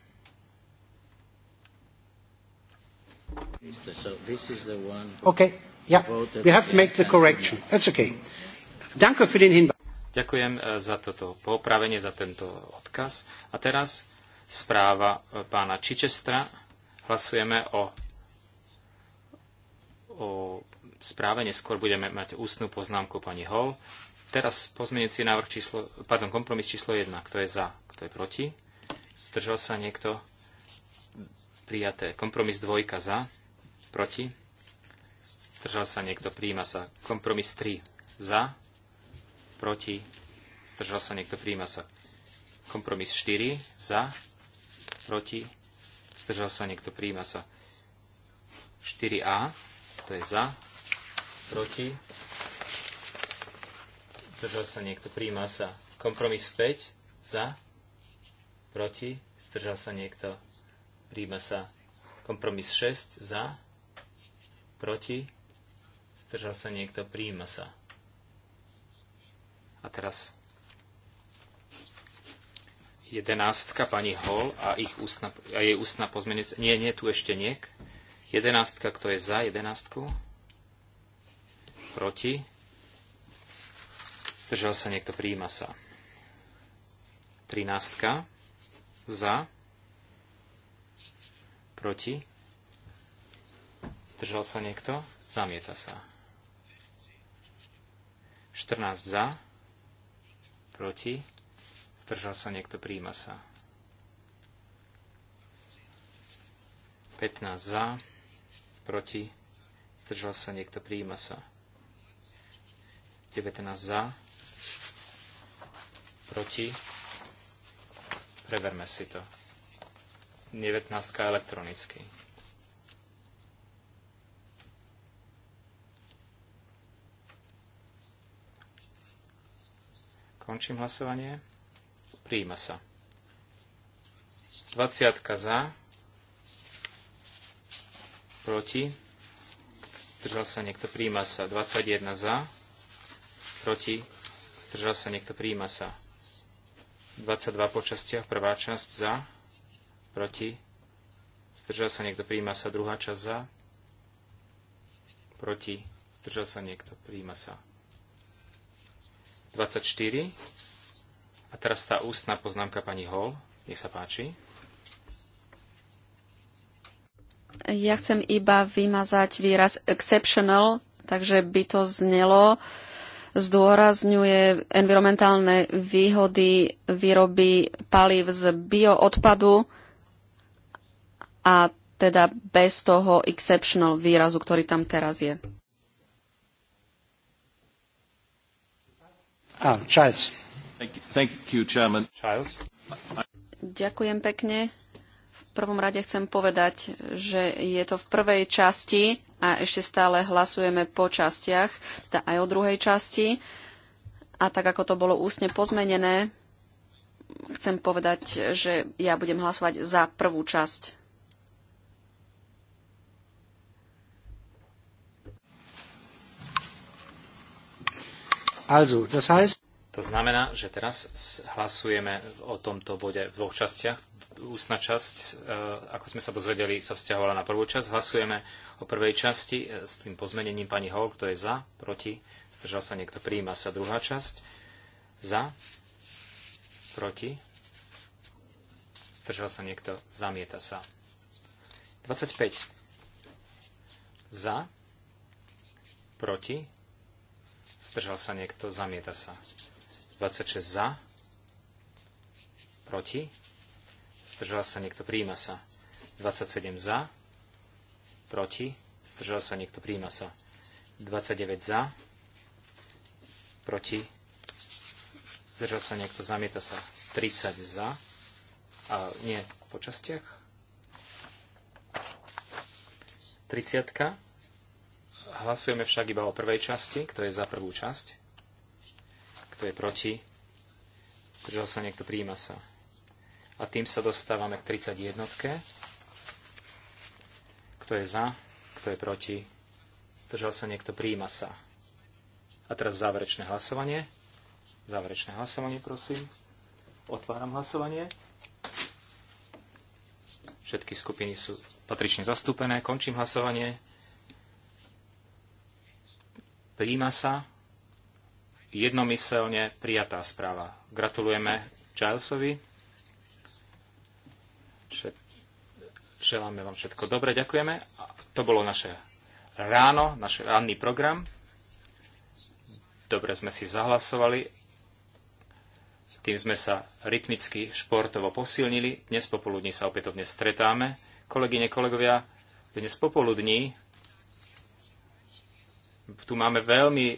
Ďakujem eh, za toto popravenie, za tento odkaz. A teraz správa e, pána Čičestra. Hlasujeme o, o správe, neskôr budeme mať ústnú poznámku pani Hall. Teraz pozmienujúci návrh číslo, pardon, kompromis číslo 1. Kto je za, kto je proti? Zdržal sa niekto? Prijaté. Kompromis dvojka za, proti? Zdržal sa niekto? Príjma sa. Kompromis 3 za, proti? Zdržal sa niekto? Príjma sa. Kompromis 4 za, proti, zdržal sa niekto, príjma sa. 4A, to je za, proti, zdržal sa niekto, príjma sa. Kompromis 5, za, proti, zdržal sa niekto, príjma sa. Kompromis 6, za, proti, zdržal sa niekto, príjma sa. A teraz jedenástka pani Hol a, ich ústna, a jej ústna pozmenujúca. Nie, nie, tu ešte nie. Jedenástka, kto je za jedenástku? Proti? Držal sa niekto, prijíma sa. Trinástka. Za. Proti. Zdržal sa niekto, zamieta sa. 14 za. Proti zdržal sa niekto, príjma sa. 15 za, proti, zdržal sa niekto, príjma sa. 19 za, proti, preverme si to. 19 elektronicky. Končím hlasovanie. Príjima sa. 20 za, proti, zdržal sa niekto, príjima sa. 21 za, proti, zdržal sa niekto, príjima sa. 22 po častiach, prvá časť za, proti, zdržal sa niekto, príjima sa. Druhá časť za, proti, zdržal sa niekto, príjima sa. 24 a teraz tá ústna poznámka pani Hall. Nech sa páči. Ja chcem iba vymazať výraz exceptional, takže by to znelo zdôrazňuje environmentálne výhody výroby palív z bioodpadu a teda bez toho exceptional výrazu, ktorý tam teraz je. Ah, Charles. Ďakujem pekne. V prvom rade chcem povedať, že je to v prvej časti a ešte stále hlasujeme po častiach, teda aj o druhej časti. A tak ako to bolo ústne pozmenené, chcem povedať, že ja budem hlasovať za prvú časť. Also, das heißt... To znamená, že teraz hlasujeme o tomto bode v dvoch častiach. Ústna časť, e, ako sme sa dozvedeli, sa vzťahovala na prvú časť. Hlasujeme o prvej časti e, s tým pozmenením pani Hol, kto je za, proti, zdržal sa niekto, prijíma sa druhá časť. Za, proti, zdržal sa niekto, zamieta sa. 25. Za, proti, zdržal sa niekto, zamieta sa. 26 za, proti, zdržal sa niekto, príjma sa. 27 za, proti, zdržal sa niekto, príjma sa. 29 za, proti, zdržal sa niekto, zamieta sa. 30 za, a nie po častiach. 30. Hlasujeme však iba o prvej časti, kto je za prvú časť kto je proti? držal sa niekto, príjima sa. A tým sa dostávame k 31. Kto je za? Kto je proti? Držal sa niekto, príjima sa. A teraz záverečné hlasovanie. Záverečné hlasovanie, prosím. Otváram hlasovanie. Všetky skupiny sú patrične zastúpené. Končím hlasovanie. Príjima sa jednomyselne prijatá správa. Gratulujeme Gilesovi. Želáme vám všetko dobre, ďakujeme. To bolo naše ráno, náš ranný program. Dobre sme si zahlasovali. Tým sme sa rytmicky, športovo posilnili. Dnes popoludní sa opätovne stretáme. Kolegyne, kolegovia, dnes popoludní tu máme veľmi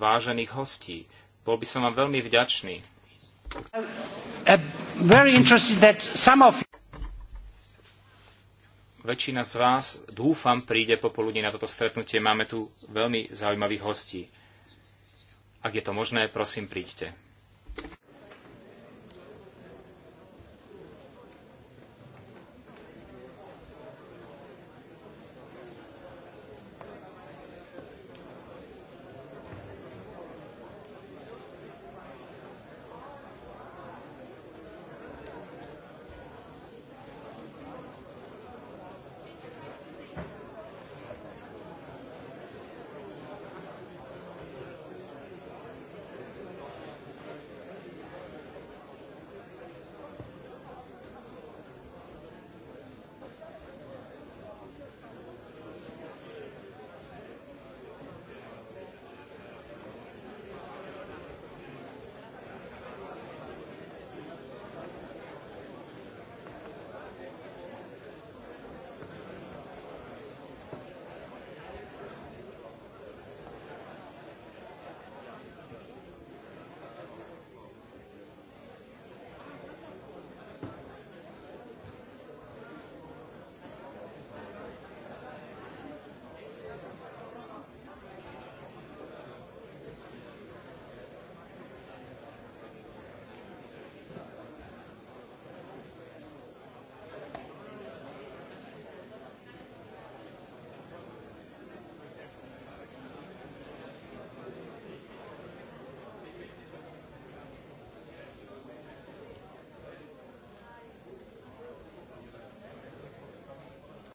vážených hostí. Bol by som vám veľmi vďačný. Uh, Väčšina z vás, dúfam, príde popoludne na toto stretnutie. Máme tu veľmi zaujímavých hostí. Ak je to možné, prosím, príďte.